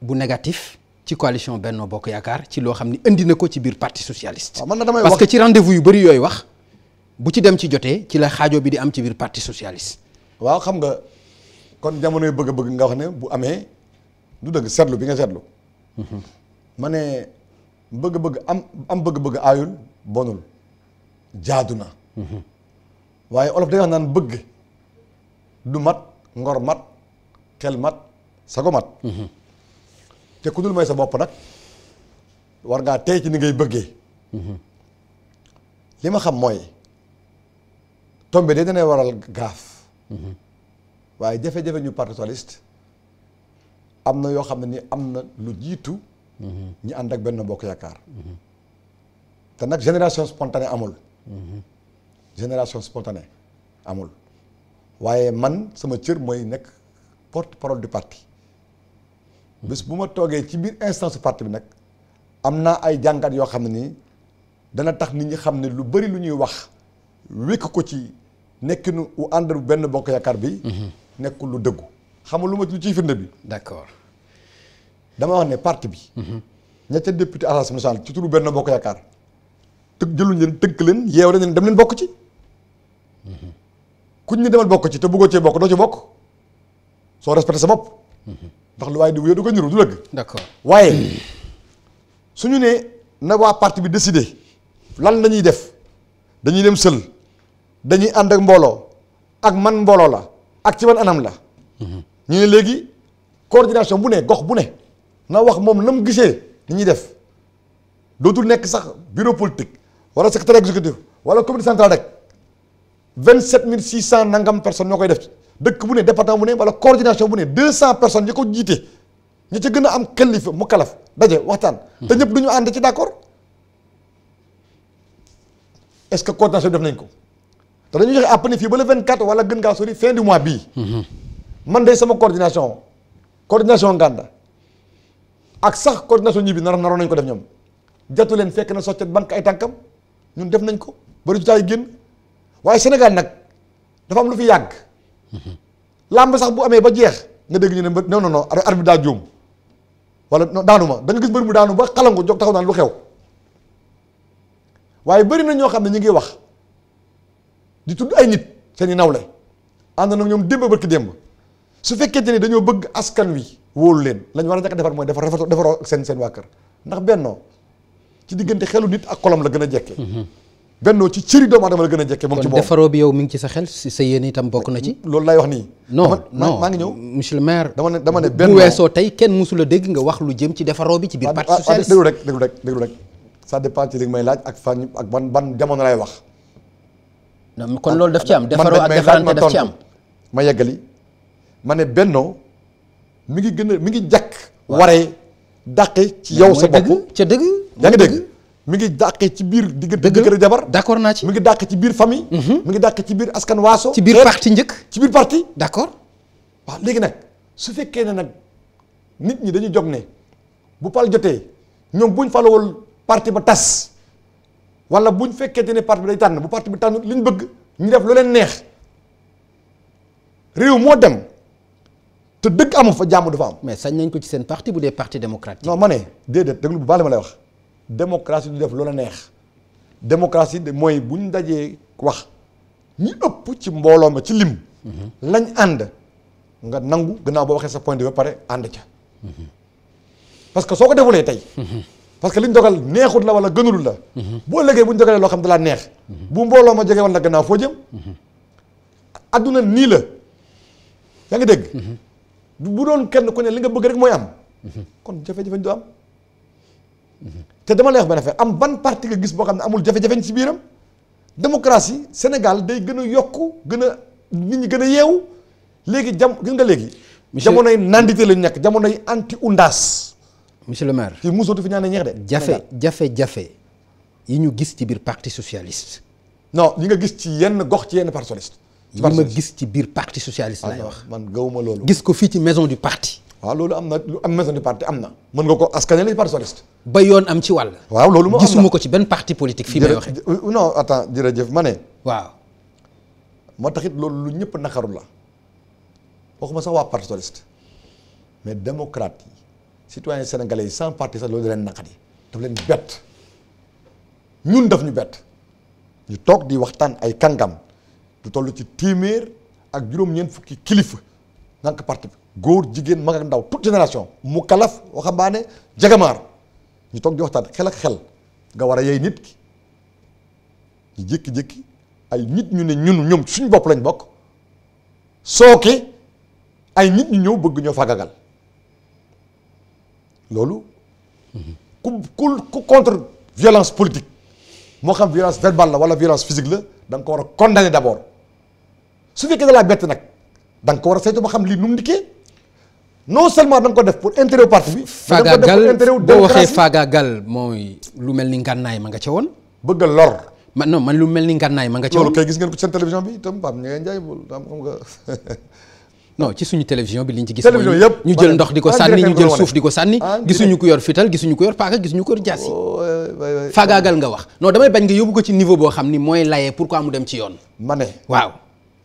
bu négatif ci coalition Benno Bokk Yaakaar ci loo xam ni indi na ko ci biir parti socialiste. man damay wax parce que ci rendez-vous yu bëri yooyu wax bu ci dem ci jotee ci la xaajoo bi di am ci biir partie socialiste. waaw xam nga kon jamonoy bëgg-bëgg nga wax ne bu amee. lu dëgg seetlu bi nga seetlu. ma ne bëgg-bëgg am am bëgg-bëgg aayul bonul jaadu na. waaye olof day wax naan bëgg du mat ngor mat xel mat sago mat. te ku dul may sa bopp nag war ngaa tey ci ni ngay bëggee. li ma xam mooy tombe de danay waral gaaf. waaye jafe-jafe ñu parti socialiste. am na yoo xam ne ni am na lu jiitu. Mhm. ñi ànd ak benn bokk yaakaar. Mhm. te nag génération spontanée amul. Mhm. génération spontanée amul. waaye man sama cër mooy nekk porte parole du parti. bis bu ma toogee ci biir instance parti bi nag am naa ay jàngat yoo xam ne nii dana tax nit ñi xam ne lu bari lu ñuy wax wékk ko ci nekkinu u ànd benn bokk yaakaar bi. nekkul lu dëggu. xam nga lu ma lu ciy firnde bi. d'accord dama wax ne parti bi. Mhm. ñetti député à l'Assemblée nationale ci turu benn bokk yaakaar tëgg jëluñ leen tënk leen yeew rek ne dem leen bokk ci. Mhm. kuñ ñu demal bokk ci te bëggoo cee bokk doo ci bokk soo respecté sa bopp. Mhm. ndax lu waaye di wéy du ko niru du dëgg. d'accord waaye ñu nee na waa parti bi décidé lan la ñuy def dañuy dem sël dañuy ànd mbooloo ak man mbooloo la ak ci ban anam la. ñu ne léegi coordination bu ne gox bu ne na wax moom na mu gisee ni ñuy def dootul nekk sax bureau politique wala secrétaire exécutif wala comité central rek vingt sept mille six cent nangam personnes ñoo koy def dëkk bu ne département bu ne wala coordination bu ne deux cent personnes ñi ko jiite ñi ci gën a am kalifa mu kalaf daje waxtaan. te ñëpp du ñu ànd ci d'accord est-ce que coordination bi def nañ ko te dañu joxe àpp ne fii ba le vingt quatre wala gën ngaa sori fin mois bii. Mm-hmm. man de sama coordination coordination Nganda ak sax coordination ñibbi nar naroon nañ ko def ñoom jatu leen fekk na soccet banque ay tànkam ñun def nañ ko ba résultat yi génn waaye Sénégal nag dafa am lu fi yàgg. lamb sax bu amee ba jeex nga dégg ñu ne non non non arbitre daa juum wala daanu ma da nga gis mbër mu daanu ba xalangu jóg taxaw naan lu xew waaye bëri na ñoo xam ne ñu ngi wax di tudd ay nit seen i nawle ànd na ñoom démb barki démb. su fekkente ni dañoo bëgg askan wi wóolu leen lañ war a njëkk a defar mooy defar rafetoo defaroo ak seen seen waa kër ndax bennoo ci diggante xelu nit ak xolam la gën a jekke mhm. bennoo ci cëri doomu aadama la gën a jekke moom ci boppam bi yow mi ngi ci sa xel sa yéen itam bokk na ci loolu laay wax nii non non maa ngi maire dama ne dama benn bu weesoo tey kenn musula dégg nga wax lu jëm ci defaroo bi ci biir ah, parti ah, ah, socialiste déglu rek rek déglu rek ça dépend ci li may laaj ak fan ak ban ban jamono lay wax non kon loolu daf ci am defaroo ak defarante daf ci am ma yeggali ma ne Benno mi ngi gën a mi ngi jàkk waree dàqe ci yow sa bopp ca dëgg yaa ngi dégg mu ngi dàqe ci biir diggante jëkkër jabar d'accord naa ci mi ngi dàqe ci biir famille mhm. mi ngi dàqe ci biir askan waaso ci biir parti njëkk ci biir parti d'accord waaw léegi nag su fekkee ne nag nit ñi dañu jóg ne bu pal jotee ñoom buñ falawul parti ba tas wala ñu fekkee ne parti bi day tànn bu parti bi tànn liñ bëgg ñu def lu leen neex réew moo dem te dëgg amu fa jàmm du fa am. mais sañ nañ ko ci seen parti bu dee parti démocratique. non ma ne déedéet déglu bu baax li ma lay wax démocratie du def loola neex démocratie mooy bu ñu dajee wax ñi ëpp ci mbooloo ma ci lim. Mm-hmm. lañ ànd nga nangu gannaaw boo waxee sa point de ba pare ànd ca. Mm-hmm. parce que soo ko defulee tey. Mm-hmm. parce que liñ dogal neexut la wala gënul la. boo légee bu dogalee loo xam dalaa neex. bu mbooloo ma jege woon la gannaaw foo jëm. adduna nii la yaa ngi dégg. bu doon kenn ku ne li nga bëgg rek mooy am kon jafe-jafe du am te dama leex wax benn affaire am ban parti nga gis boo xam ne amul jafe-jafe ci biiram démocratie Sénégal day gën a yokk gën a nit ñi gën a yeewu léegi jam gën nga léegi jamonoy nandité lañu nekk jamonoy anti undaas monsieur le maire kii musootu fi ñaan ñeex de jafe jafe-jafe yi ñu gis ci biir parti socialiste non li nga gis ci yenn gox ci yenn parti socialiste yi ma gis ci biir parti socialiste lay ah wax man gawuma loolu gis ko fii ci maison du parti waaw loolu am na lu am maison du parti am na mën nga ko askanale ci parti socialiste ba yoon am ci wàll waaw loolu moo am gisuma ko ci benn parti politique fii may waxee non attends jëf ma ne waaw moo taxit loolu lu ñëpp naqaru la waxuma sax waa parti socialiste mais démocrate yi citoyens sénégalais yi sans parti sax loolu leen naqari daf leen bett ñun daf ñu bett ñu toog di waxtaan ay kàngam du toll ci téeméer ak juróom-ñeent fukki kilifa nank parti bi góor jigéen mag ndaw toute génération mu kalaf waxambaane jagamaar ñu toog di waxtaan xel ak xel nga war a yey nit ki ñu jékki ay nit ñu ne ñun ñoom suñu bopp lañ bokk sooke ay nit ñu ñëw bëgg ñoo fagagal loolu ku ku ku contre violence politique moo xam violence verbale la wala violence physique la da ko war a condamner d'abord su fekkee da laa bett nag da ko war a saytu ba xam lii nu mu dikkee non seulement da nga ko def pour intérêt parti bi. faagaagal boo waxee faagaagal mooy lu mel ni ngànnaay ma nga ca woon. bëgg a lor. man non man lu mel ni ngànnaay ma nga ca woon. loolu kay gis ngeen ko seen télévision non ci suñu télévision bi liñ ci gis. télévision yëpp ñu jël ndox di ko sànni ñu jël suuf di ko sànni. gisuñu ko yor fital gisuñu ko yor paaka gisuñu ko yor jaasi. Oh, faagaagal nga wax non damay bañ nga yóbbu ko ci niveau boo xam ni mooy layee pourquoi mu dem ci yoon. ma ne waaw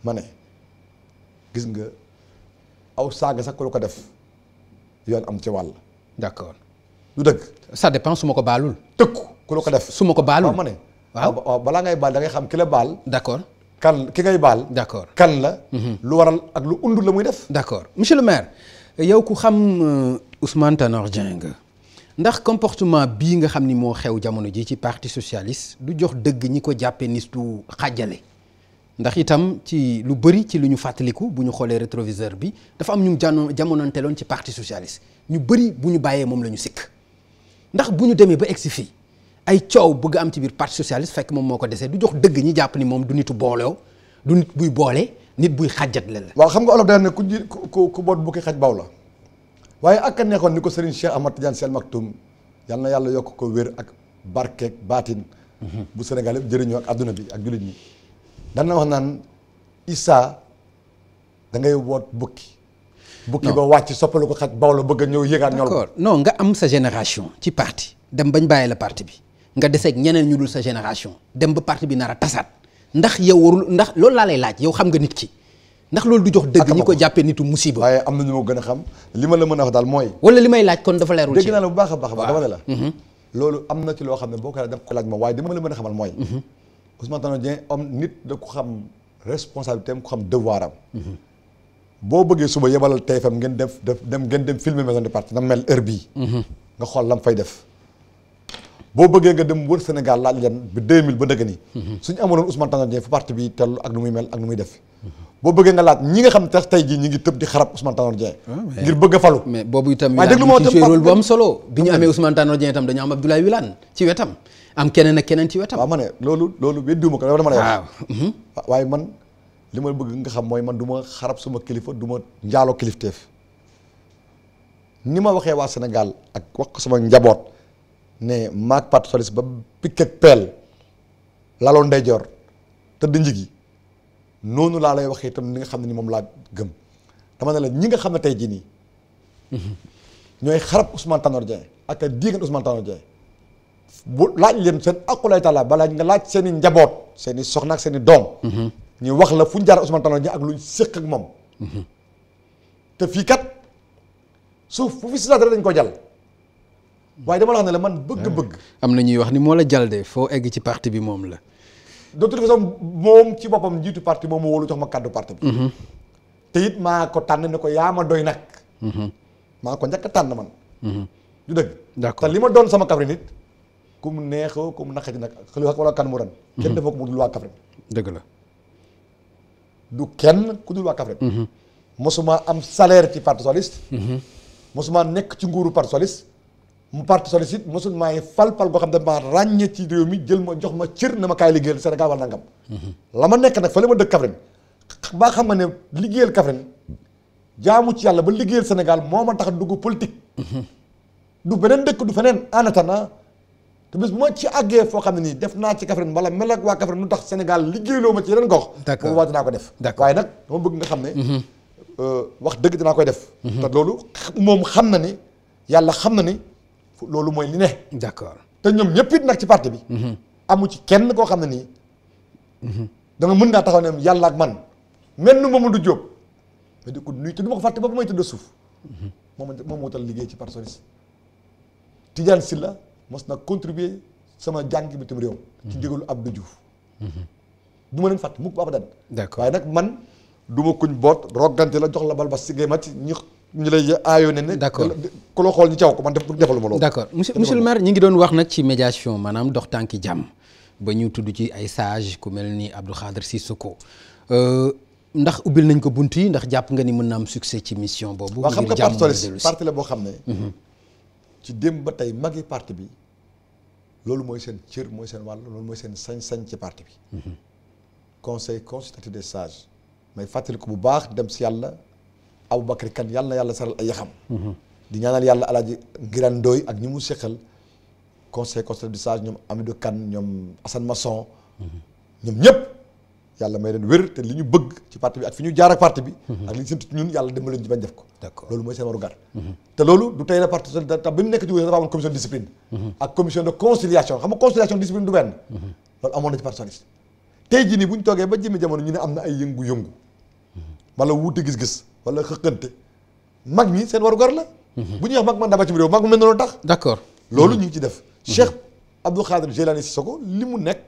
ma ne gis nga aw saaga sax ku la ko def yoon am ci wàll. d'accord du dëgg. ça dépend su ma ko baalul. tëkku ku la ko def su ma ko baalul ma waaw balaa ngay baal da xam ki la baal. d'accord kan ki ngay baal. d'accord kan la. Mhm. lu waral ak lu undu la muy def. d'accord monsieur le maire yow ku xam euh, Ousmane Tanor ndax comportement bi nga xam ni moo xew jamono ji ci partie socialiste du jox dëgg ñi ko jàppee nistu xàjjale. ndax itam ci lu bëri ci lu ñu fàttaliku bu ñu xoolee rétroviseur bi dafa am ñu jànnoon jamononteeloon ci partie socialiste ñu bëri bu ñu bàyyee moom la ñu sikk ndax bu ñu demee ba si fii ay coow bëgg am ci biir parti socialiste fekk moom moo ko desee du jox dëgg ñi jàpp ni moom du nitu booloo du nit buy boole nit buy xàjjat la. waa xam nga olof daan ne ku ji ku ku boot bukki xaj baw la waaye ak a neexoon ni ko Serigne Cheikh Ahmad Tidiane Sy Al Maktoum yal na yàlla yokk ko wér ak barkeeg baatin mhm. bu Sénégal yëpp jëriñoo adduna bi ak jullit ñi na wax naan Issa da ngay woot bukki bukki ba wàcc soppalu ko xaj la bëgg ñëw yëgaat ñool d'accord non nga am sa génération ci parti dem bañ bàyyi la parti bi nga desee ñeneen ñu dul sa génération dem ba parti bi nar a tasaat ndax yow warul ndax loolu laa lay laaj yow xam nga nit ki ndax loolu du jox dëgg ñi ko jàppee nit musiba waaye am na ñu ma gën a xam li ma la mën a wax li may laaj kon dafa leerul ci dégg naa la a la mhm. loolu am loo xam ne boo ko laaj ko laaj ma waaye dama la mën a xamal mooy mhm. Ousmane Tanor Dieng am nit da ko xam responsabilité am ku xam devoir am. boo bëggee suba yebalal TFM ngeen def def dem ngeen dem filmer maison de parti na mel heure bii. nga xool lam fay def. boo bëggee nga dem wër Sénégal laaj leen bi 2000 ba dëgg nii. suñu bi tellu ak nu muy mel ak nu muy tey jii ñi ngi tëb di xarab Ousmane Tanor Dieng ah, ngir bëgg a falu mais boobu itam waaye déglu solo bi ñu amee Ousmane Tanor Dieng itam dañu am Abdoulaye Wilane ci wetam am keneen ak keneen ci wetam. waaw ma ne loolu loolu weddiwuma ko loolu dama lay wax. Mhm. waaye man li ma bëgg nga xam mooy man du ma xarab suma kilifa du ma njaaloo kilifteef ni ma waxee waa senegal ak wax suma njaboot ne maag parti socialiste ba pikk ak peel laloon ndeyjoor tëdd njigi noonu laa lay waxee itam li nga xam ne ni moom laa gëm dama ne la ñi nga xam ne tey jii nii. Mhm. ñooy xarab Ousmane Tanor Dieng ak a diigan Ousmane Tanor Dieng. bu laaj leen seen akulay taala balaa nga laaj seeni njaboot seeni i soxna ak seen doom. Mm-hmm. ñu wax la fu ñu jaar Ousmane Tanor Dieng ak luñ séq ak moom. Mm-hmm. te fii kat suuf fu fi si dañ ko jàll. waaye dama la xam ne la man bëgg-bëgg. Eh, am na ñuy wax ni moo la jàll de foo egg ci parti bi moom la. de toute façon moom ci boppam njiitu parti moom mu wóolu jox ma kàddu parti bi. Mm-hmm. te it maa ko tànn ne ko yaa ma doy nag. maa ko njëkk tànn man. du dëgg. d'accord li ma doon sama cabri ku mu neexoo ku mu nag xëy na wala kan mu ran. Mhm. kenn defoo ko mu dul waa Kaffrine. dëgg la. du kenn ku dul waa Kaffrine. Mhm. mosuma am salaire ci parti socialiste. Mhm. mosuma nekk ci nguuru parti mu parti socialiste it mosul maay fal fal boo xam ne maa ràññee ci réew mi jël ma jox ma cër na ma kaay liggéeyal Sénégal wala nangam. la ma nekk nag fa la ma dëkk Kaffrine. ba xam nga ne liggéeyal Kaffrine jaamu ci yàlla ba liggéeyal Sénégal moo ma tax dugg politique. du beneen dëkk du feneen te bis bu ma ci àggee foo xam ne nii def naa ci Kaffrine wala mel ak waa Kaffrine lu tax Sénégal liggéeyloo ma ci yeneen gox d'accord boobaa dinaa ko def waaye nag dama bëgg nga xam ne mhm. euh, wax dëgg dinaa koy def mhm. te loolu moom xam na ni yàlla xam na ni loolu mooy li ne d'accord te ñoom ñëpp it nag ci parti bi mhm. amu ci kenn koo xam ne nii da nga mën ngaa taxaw ne yàlla ak man mel nu Mamadou Diop du di ko nuyu te du ma ko fàtte ba bu may tëdd suuf moom moom wutal liggéey ci parti socialiste si la mos na contribuer sama jàng bitim réew. ci mhm. ndigalu Abdou Diouf. Mhm. du ma leen fàtte mukk ba abadan. d'accord waaye man du ma kuñ boot roggante la jox la bal ba si ngay mat ñi ñu lay aayoo ne ne. d'accord ku la xool ngi doon wax nag ci médiation maanaam dox tànki jàmm. ba ñu tudd ci ay sage ku mel ni Abdou Khadre Sissoko euh, ndax ubbil nañ ko bunt yi ndax jàpp nga ni mën na am succès ci mission boobu. ngir jàmm nga dellu si waaw xam nga parti la boo xam ne. Mhm. ci démb ba tey yi parti bi loolu mooy seen cër mooy seen wàll loolu mooy seen sañ-sañ ci parti bi. Mhm. conseil consultatif des sages. may fàttali ko bu baax dem si yàlla Aboubacry Kane yàlla na yàlla saral ay yaxam. Mhm. di ñaanal yàlla alaaji Ngiraan dooy ak ñi mu seqal conseil consultatif des sages ñoom Amidou Kane ñoom Assane mason mhm. ñoom ñëpp. yàlla may leen wér te li ñu bëgg ci parti bi ak fi ñu jaar ak parti bi ak li ñu sant ci ñun yàlla dimbali ñu ci bañ def ko loolu mooy seen warugar te loolu du tey la parti te bi mu nekk dafa amoon na ci parti socialiste tey jii nii bu ñu toogee ba jëmi jamono ñu ne am na ay yëngu-yëngu wala wuute gis-gis wala xëqante mag ñi seen warugar la bu ñuy wax mag man dama ci réew mag mu mel noonu tax loolu ñu ngi ci def Cheikh Abdou Khadir si Sissoko li mu nekk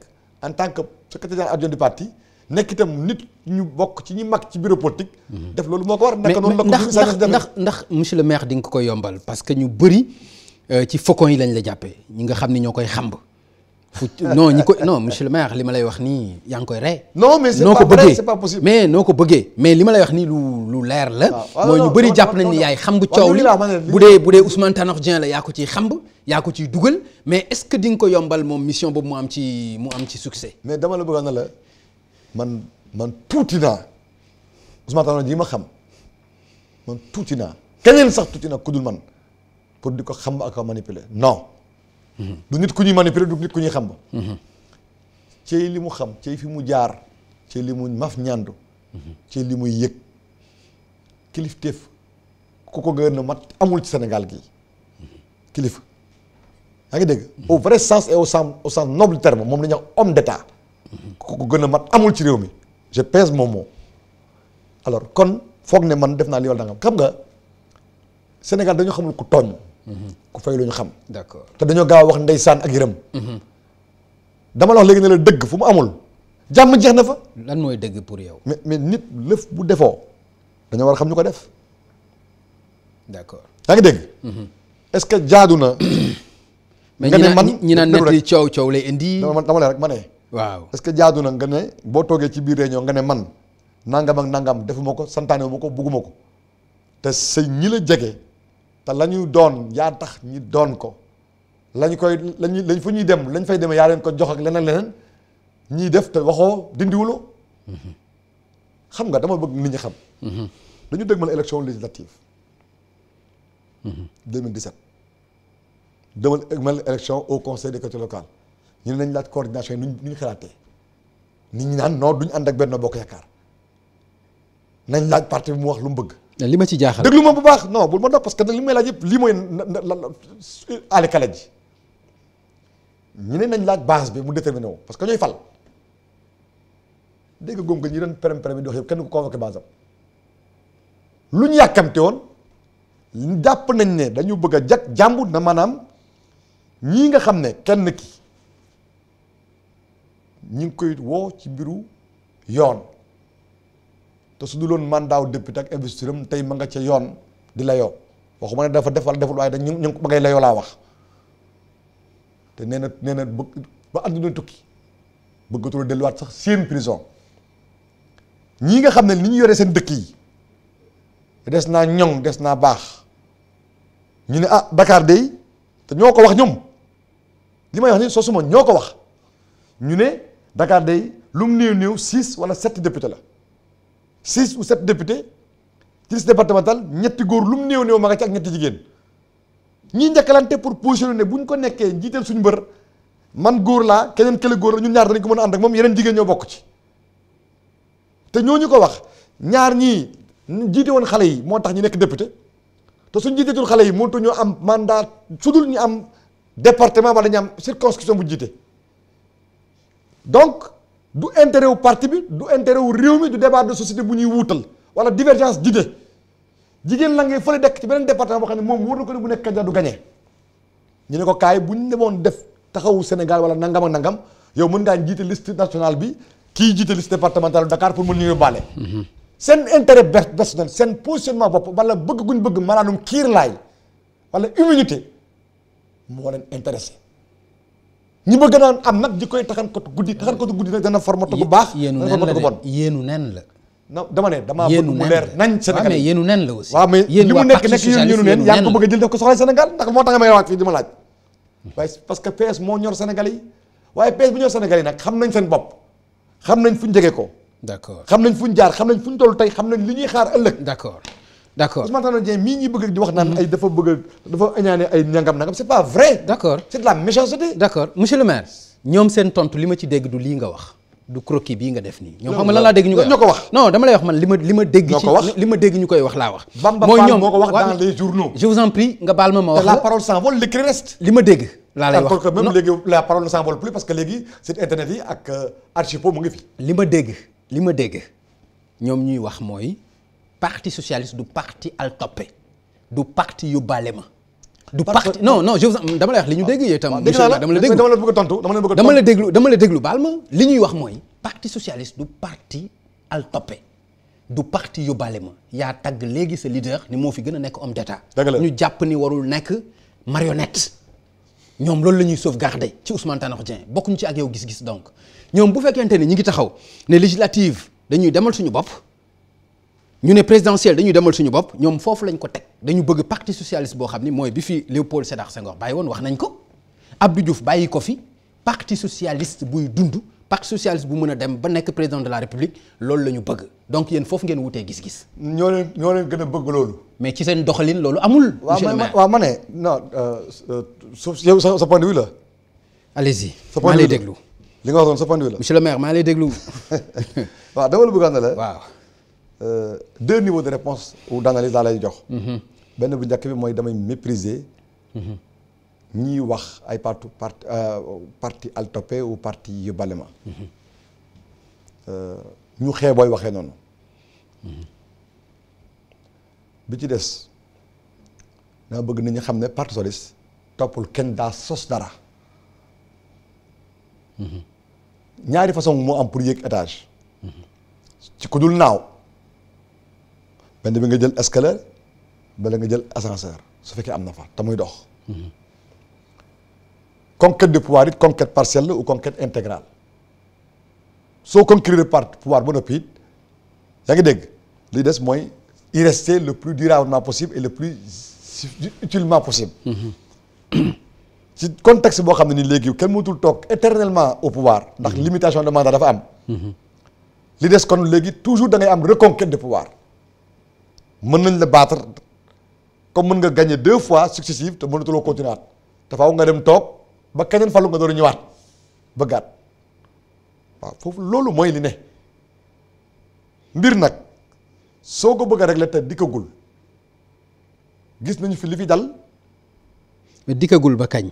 en tant que parti nekk tam nit ñu bokk ci ñi mag ci bureau politique. Mhm. def loolu moo ko war naka noonu la ko. ndax ndax ndax monsieur le maire di nga ko koy yombal parce que ñu bëri euh, ci faucon yi lañ la jàppee ñi nga xam ni ñoo koy xamb. fu non ñi ko non monsieur le maire li ma lay wax nii yaa ngi koy rey. non mais c'est mais noo ko bëggee mais limalay wax nii lu leer la. Ah, ah, mooy ñu bëri jàpp nañ ni yaay xamb coow li bu dee bu dee Ousmane Tanor Dieng la yaa ko ciy xamb yaa ko ciy dugal mais est-ce que di nga ko yombal moom mission boobu mu am ci mu am ci succès. mais dama la bëgg na la man man tuuti naa Ousmane Tanor Dieng yi ma xam man tuuti naa keneen sax tuuti naa ku dul man pour di ko xam ak a manipuler non. du nit ku ñuy manipuler du nit ku ñuy xam. ci li mu xam ci fi mu jaar ci li mu maf ñàndu ci li muy yëg kilifteef ku ko gën a mat amul ci senegal gi kilifa yaa ngi dégg. au vrai sens et au sens au sens noble terme moom la ñuy wax ku ko gën a mat amul ci réew mi je pèse mon mot alors kon foog ne man def naa lii wala dangam xam nga Sénégal dañoo xamul ku tooñ ku fay lu ñu xam d'accord te dañoo gaaw wax ndeysaan ak yërëm dama la wax léegi ne la dëgg fu mu amul jàmm jeex na fa lan mooy dëgg pour yow mais mais nit lëf bu defoo dañoo war a xam ñu ko def d'accord yaa ngi dégg est-ce que jaadu na mais ñi naan ñi naan net li coow coow lay indi dama lay rek ma waaw parce que jaadu na nga ne boo toogee ci biir réunion nga ne man nangam ak nangam defuma ko santaane ma ko bugguma ko te sa ñi la jege te la ñuy doon yaa tax ñi doon ko lañ koy lañu lañ fu ñuy dem lañ fay demee yaa leen ko jox ak leneen leneen ñiy def te waxoo dindiwuloo xam nga dama bëgg nit ñi xam dañu dëgmal élection législative 2017 mhm. dëgmal élection au conseil des collectivités locales ñu ne nañ laaj coordination yi nu ñu xalaatee nit ñi naan non duñ ànd ak benn bokk yaakaar nañ laaj parti bi mu wax lu mu bëgg. li ma ci jaaxal déglu ma bu baax non bul ma dox parce que nag li may laaj yëpp lii mooy ji ñu ne nañ laaj base bi mu déterminé wu parce que ñooy fal dégg góom nga ñi doon perem perem yi di wax yëpp kenn ko convoqué base am lu ñu yàkkamte woon jàpp nañ ne dañu bëgg a jag jàmbut na maanaam ñii nga xam ne kenn ki. ñu ngi koy woo ci mbiru yoon te su duloon mandat député ak investisseur am tey ma nga ca yoon di layoo waxuma ne dafa defal deful dañ ñu ñu ba ngay layoo laa wax te nee na nee na ba àdduna tukki bëggatul delluwaat sax seen prison ñii nga xam ne ni ñu yore seen dëkk yi des naa ñoŋ des naa baax ñu ne ah Dakar day te ñoo ko wax ñoom li may wax ni soo suma ñoo ko wax ñu ne Dakar day lu mu néew néew six wala sept député la six ou set député ci liste départementale ñetti góor lu néew néew ma nga ci ak ñetti jigéen ñi njëkkalante pour positionner ne bu ñu ko nekkee njiital suñu mbër man góor laa keneen kële góor la ñun ñaar dañ ko mën a am ak moom yeneen jigéen ñoo bokk ci te ñooñu ko wax ñaar ñii jiitee woon xale yi moo tax ñu nekk député te suñ jiiteetul xale yi moo mënut ñoo am mandat sudul ñu am département wala ñu am circonscription bu jiite donc du intérêt wu parti bi du intérêt wu réew mi du débat de société bu ñuy wutal wala divergence d'idées jigéen la ngay fële dekk ci beneen département boo xam ne moom wóor na ko ne bu nekk candidat du gagné ñu ne ko kaay bu ñu demoon def taxawu Sénégal wala nangam ak nangam yow mën ngaa jiite liste national bi kii jiite liste départementale Dakar pour mën ñu yóbbaale. Mhm. seen intérêt personnel seen positionnement bopp wala bëgg guñ bëgg maanaam kiir laay wala immunité moo leen intéressé. ñi bëgg naan am nag di koy taxan ko guddi taxan ko guddi nag dana formato bu baax. dana formato bu bon yéenu nen la. non dama ne damaa bëgg mu leer nañ Sénégal a jël def hmm. parce que PS moo ñor Sénégal yi waaye PS bu ñor Sénégal yi nag xam nañ seen bopp xam nañ fu ñu jege ko. d'accord xam nañ fu ñu jaar xam nañ fu ñu toll tey xam nañ li ñuy xaar ëllëg. d'accord d' accord Ousmane Tanor mii ñuy bëgg di wax naan ay dafa bëgg dafa añaane ay ñangam nangam c' est pas vrai. d' monsieur le maire ñoom seen tontu li ma ci dégg du lii nga wax. du croquis bii nga def nii ñoom xam nga lan laa dégg ñu koy wax non dama lay wax man li ma li ma dégg ci li ma dégg ñu koy wax laa wax mooy ñoom moo ko wax dans les journaux je vous en prie nga baal ma ma wax la parole s'envole l'écrit reste li ma dégg laa lay wax parce que même léegi la parole ne s'envole plus parce ak euh, archipo mu ngi ma dégg li ma dégg ñoom ñuy wax mooy parti socialiste du parti al toppe du parti yóbbaale ma. du parti non non je vous dama la wax li ñu ah. dégg yow itam. dama la déglu dama la bëgg tontu dama la bëgg dama la déglu dama la déglu baal ma li ñuy wax mooy. parti socialiste du parti al toppe du parti yóbbaale ma yaa tagg léegi sa leader ni moo fi gën a nekk homme d'état ñu jàpp ni warul nekk marionnette. ñoom loolu la ñuy sauvegarder ci Ousmane Tanor Dieng bokkuñu ci ak yow gis-gis donc ñoom bu fekkente ni ñi ngi taxaw ne législative dañuy demal suñu bopp. ñu ne présidentielle dañuy demal suñu bopp ñoom foofu lañ ko teg dañu bëgg parti socialiste boo xam ni mooy bi fi Léopold Sédar Senghor bàyyi woon wax nañ ko Abdou Diouf bàyyi ko fi parti socialiste buy dund parti socialiste bu mën a dem ba nekk président de la république loolu la ñu bëgg donc yéen foofu ngeen wutee gis-gis. ñoo leen ñoo leen gën a bëgg loolu. mais ci seen doxalin loolu amul. monsieur le maire waaw ma ne non euh, euh, yow sa point de vue la. allez-y maa lay déglu. li nga waxoon sa point de vue la. déglu. waaw dama la bëggoon ne la waaw. Euh, deux niveaux de réponse ou d'analyse laa lay jox. Mhm. benn bu njëkk bi mooy damay mépriser. Mhm. ñiy wax ay parti parti euh, parti altopé ou parti yóbbaale ma. Mhm. Euh, ñu xee booy waxee noonu. bi ci des naa bëgg nit ñi xam ne parti socialiste toppul kenn daa sos dara. ñaari façon moo am pour yéeg étage. ci ku dul naaw. benn bi nga jël escalier bala nga jël ascenseur su fekkee am na fa te muy dox conquête du pouvoir it conquête partielle la ou conquête intégrale soo conquérir par pouvoir ba noppi it yaa ngi dégg li des mooy y rester le plus durablement possible et le plus utilement possible mm-hmm. ci contexte boo xam ne ni léegi kenn mënatul toog éternellement au pouvoir ndax mm-hmm. limitation de mandat dafa am mm-hmm. li des kon léegi toujours da am reconquête de pouvoir mën nañ la battre comme mën nga gagné deux fois successive te mënatuloo continuer at te faaw nga dem toog ba keneen falu nga door a ñëwaat bëggaat waaw foofu loolu mooy li ne mbir nag soo ko bëgg rek la te dikkagul gis nañu fi li fi dal. mais dikkagul ba kañ.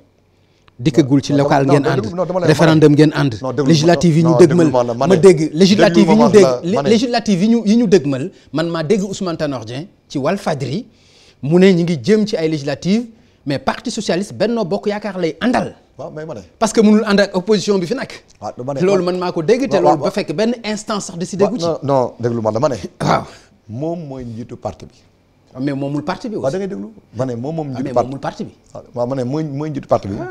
dikkagul ci local ngeen ànd référendum ngeen ànd législative yi ñu dëgmal ma dégg législative yi ñu dégg législative yi ñu yi man maa dégg Ousmane Tanor Dieng ci Walfadjri mu ne ñi ngi jëm ci ay législative mais parti socialiste benn Bokk Yaakaar lay àndal waaw mais ma ne parce que mënul ànd ak opposition bi fi nag ah, loolu man maa ko dégg te loolu ba fekk benn instance sax décidé gu ci waaw moom mooy njiitu parti bi ah, mais moomul parti bi waaw da ngay déglu ma ne moom moom ah, njiitu parti bi ma ne mooy mooy njiitu parti bi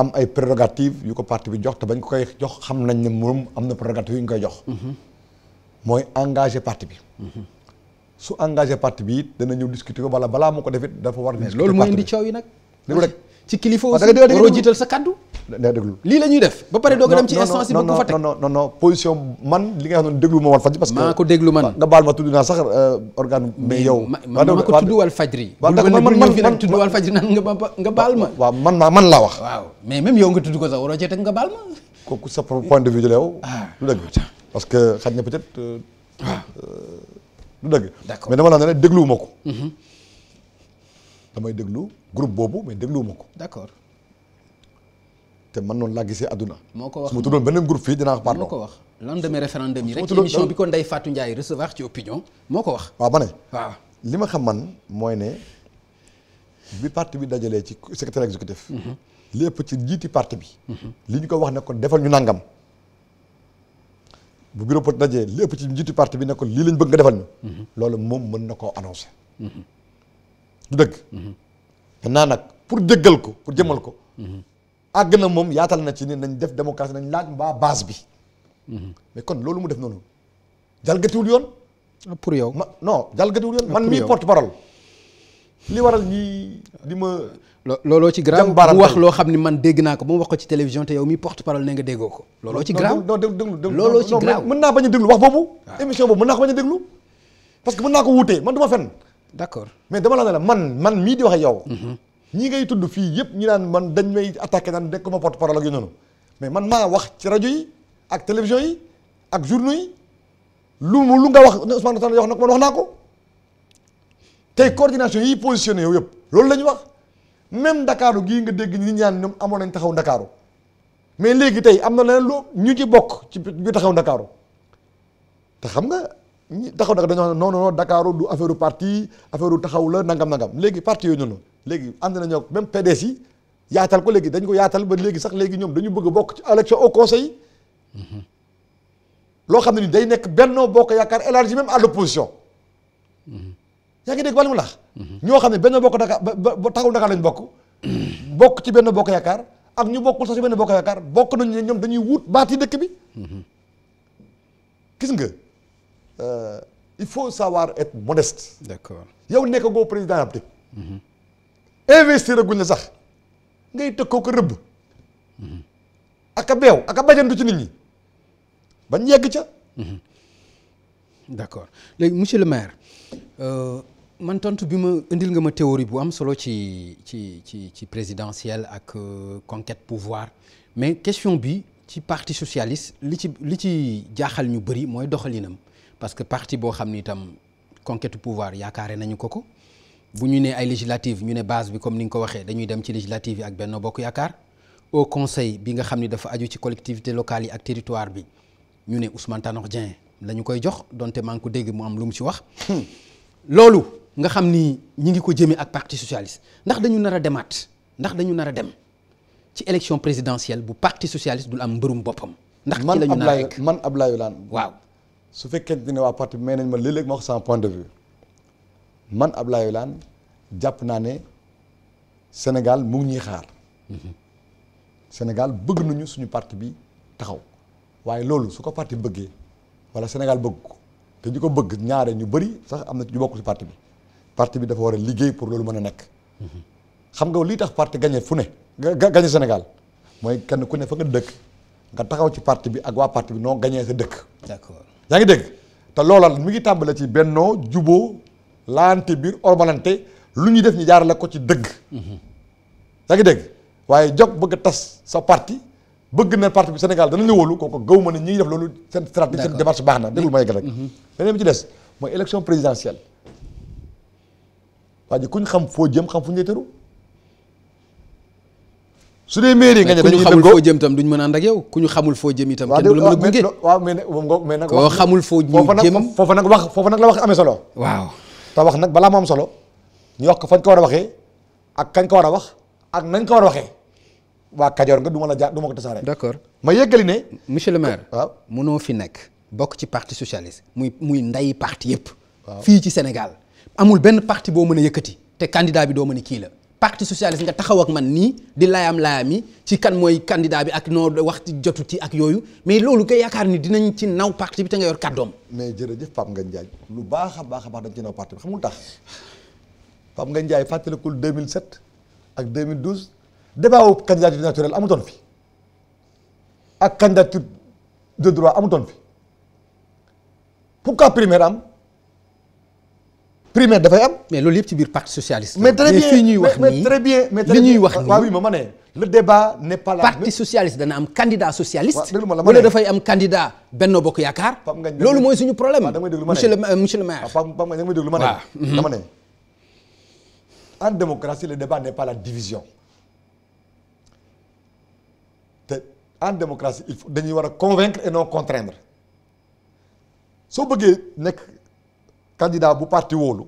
am ay prérogatives yu ko parti bi jox te bañ ko koy jox xam nañ ne moom am na prérogatives yu ñu koy jox. mooy engage parti bi. su engagé parti bi it dana ñëw discuter ko wala balaa moo ko def it dafa war. discuter parti loolu mooy indi coow yi nag. déglu rek ci kilifa a waroo jiital sa kàddu na déglu lii la ñuy def ba pare doo ko dem ci instance ba ko fa teg man nga ma Walfadjri parce que maa ko déglu man nga baal ma tudd naa sax euh, organe mais yow maa ko tudd Walfadjri man man fi nga baal ma waaw man maa man laa wax waaw mais même yow nga tudd ko sax waroo cee teg nga baal ma kooku sa point de vue de yow ah. lu dëgg parce que xaj na peut-être euh, waaw euh, lu dëgg mais dama la ne dégluwuma ko mhm. damay déglu groupe boobu mais dégluwuma ko d'accord te man noonu laa gisee àdduna. moo ko wax su ma tuddoon beneen groupe fii dinaa ko wax lendemain référendum yi rek émission bi ko Ndeye Fatou Ndiaye recevoir ci opinion moo ko wax. waaw ba ne. waaw li ma xam man mooy ne bi parti bi dajalee ci secrétaire exécutif. Mhm. lépp ci jiiti parti bi. Mhm. li ñu koy wax ne ko defal ñu nangam. bu bureau pot dajee li ëpp ci njiitu parti bi ne ko lii lañ bëgg nga defal ñu. Mhm. loolu moom mën na koo annoncé. du nag pour déggal ko pour jëmal ko. àgg na moom yaatal na ci ni nañ def démocratie nañ laaj mbaa baas bi. mais kon loolu mu def noonu jalgatiwul yoon. Ah, pour yow ma non jalgatiwul yoon. Ah, man mii porte parole. li waral ñii di ma. looloo ci grave mu wax loo xam ni man dégg naa ko ba mu wax ko ci télévision te yow mi porte parole ne nga déggoo ko. looloo ci grave non déglu déglu looloo naa bañ a déglu wax boobu. Ah. émission boobu mën naa ko bañ a déglu. parce que mën naa ko wuutee man du ma fenn. mais dama la ne man man mii di wax yow. Mm-hmm. ñi ngay tudd fii yëpp ñi naan man dañ may attaqué naan nekkuma porte parole ak yu noonu mais man maa wax ci rajo yi ak télévision yi ak journaux yi lu lu nga wax ne Ousmane Tanor na ko man wax naa ko tey coordination yi positionné yow yëpp loolu la ñu wax même Dakar gii nga dégg ñi ñaan ñoom amoon nañ taxaw Dakar mais léegi tey am na leneen lu ñu ci bokk ci bi taxaw Dakar te xam nga. ñi taxaw nag dañoo xam ne non non du affaire parti affaire taxaw la nangam nangam léegi parti yooyu noonu léegi ànd nañoo même PDS yi yaatal ko léegi dañ ko yaatal ba léegi sax léegi ñoom dañu bëgg bokk ci élection au conseil. Mm-hmm. xam ne ni day nekk Benno Bokk Yaakaar élargi même à l'opposition. Mm-hmm. yaa ngi dégg mm-hmm. ñoo xam ne Benno Bokk Dakar ba taxaw Dakar lañ bokk. bokk ci Benno Bokk Yaakaar ak ñu bokkul sax ci Benno Bokk Yaakaar bokk nañu ne ñoom dañuy wut baati dëkk bi. gis nga. Euh, il faut savoir être modeste. d'accord yow nekk goo président ab dëkk. investir guñ la sax ngay tëg ko ko rëbb. ak a beew ak a bajantu ci nit ñi bañ yegg ca. d'accord léegi monsieur le maire euh, man tontu bi ma indil nga ma théorie bu am solo ci ci ci ci présidentielle ak euh, conquête pouvoir mais question bi ci parti socialiste li ci li ci jaaxal ñu bari mooy doxalinam. parce que parti boo xam ni itam conquête pouvoir yaakaare nañu ko ko bu ñu nee ay législative ñu ne base bi comme ni nga ko waxee dañuy dem ci législative yi ak Benno Bokk Yaakaar o conseil bi nga xam ni dafa aju ci collectivité locale yi ak territoire bi ñu ne Ousmane Tanor Dieng la koy jox donte maa ngi ko dégg mu am lu mu ci wax hmm. loolu nga xam ni ñi ngi ko jëmee ak parti socialiste ndax dañu nar a demaat ndax dañu nar a dem ci élection présidentielle bu parti socialiste dul am mbërum boppam. ndax ci la ñu man Ablaye man waaw. su fekkee fekkente ne waa parti bi may nañ ma léeg-léeg ma wax sama point de vue man Abdoulaye laan jàpp naa ne Sénégal mu ngi ñuy xaar Sénégal bëgg nañu suñu parti bi taxaw waaye loolu su ko parti bëggee wala Sénégal bëgg ko te ñu ko bëgg ñaare ñu bëri sax am na ñu bokk ci parti bi parti bi dafa war a liggéey pour loolu mën a nekk xam nga lii tax parti gagné fu ne nga gagné Sénégal mooy kenn ku ne fa nga dëkk nga taxaw ci parti bi ak waa parti bi noo gagné sa dëkk yaa ngi dégg te loolal mi ngi tàmbale ci bennoo juboo laante biir ormalante lu ñuy def ñu jaarale ko ci dëgg yaa ngi dégg waaye jog bëgg tas sa parti bëgg na parti bi Sénégal dana la wóolu kooku gaw ma ne ñi ngi def loolu seen stratégie seen démarche baax na déglu ma yegg rek mm-hmm. beneen bi ci des mooy élection présidentielle waa ji kuñ xam foo jëm xam fu ñu lay tëru su dee mairie nga ne dañuy dëggoo ku ñu duñ mën a ku ñu xamul foo jëm itam kenn du la mën a ah, gunge waaw mais nag koo xamul foo ñu jëm foofa nag wax foofa nag la wax amee solo wax nag balaa mu am solo ñu wax ko fañ ko a waxee ak kañ ko a wax ak nañ ko war a waxee waa Kajoor nga du ma la jaar du ko tasaare d'accord ma yëggali ne monsieur le maire waaw mënoo fi nekk bokk ci parti socialiste muy muy nday parti yëpp fii ci Sénégal amul benn parti boo mën a yëkkati te candidat bi doo mën a kii la parti socialiste nga taxaw ak man nii di layam layam yi ci kan mooy candidat bi ak noo wax jotu ci ak yooyu mais loolu kay yaakaar ni dinañ ci naw parti bi te nga yor kàddoom. mais jërëjëf Pape Ngagne Ndiaye lu a baax a baax dañ ci naw parti bi xam nga lu tax Pape Ngagne Ndiaye fàttalikul 2007 ak 2012 débat wu candidature naturelle amutoon fi ak candidature de primaire am. primaire dafay am. mais loolu yëpp ci biir parti socialiste. mais très bien mais ñuy wax ah, nii très ñuy wax nii waaw débat am candidat socialiste. wala dafay am candidat Benno Bokk Yaakaar. loolu mooy suñu problème. Ah, monsieur le euh, monsieur le maire. Ah, Pape Ngagne da nga may déglu ma mhm. ne. pas la division dañuy war a convaincre et non contraindre soo bëggee candidat bu parti wóolu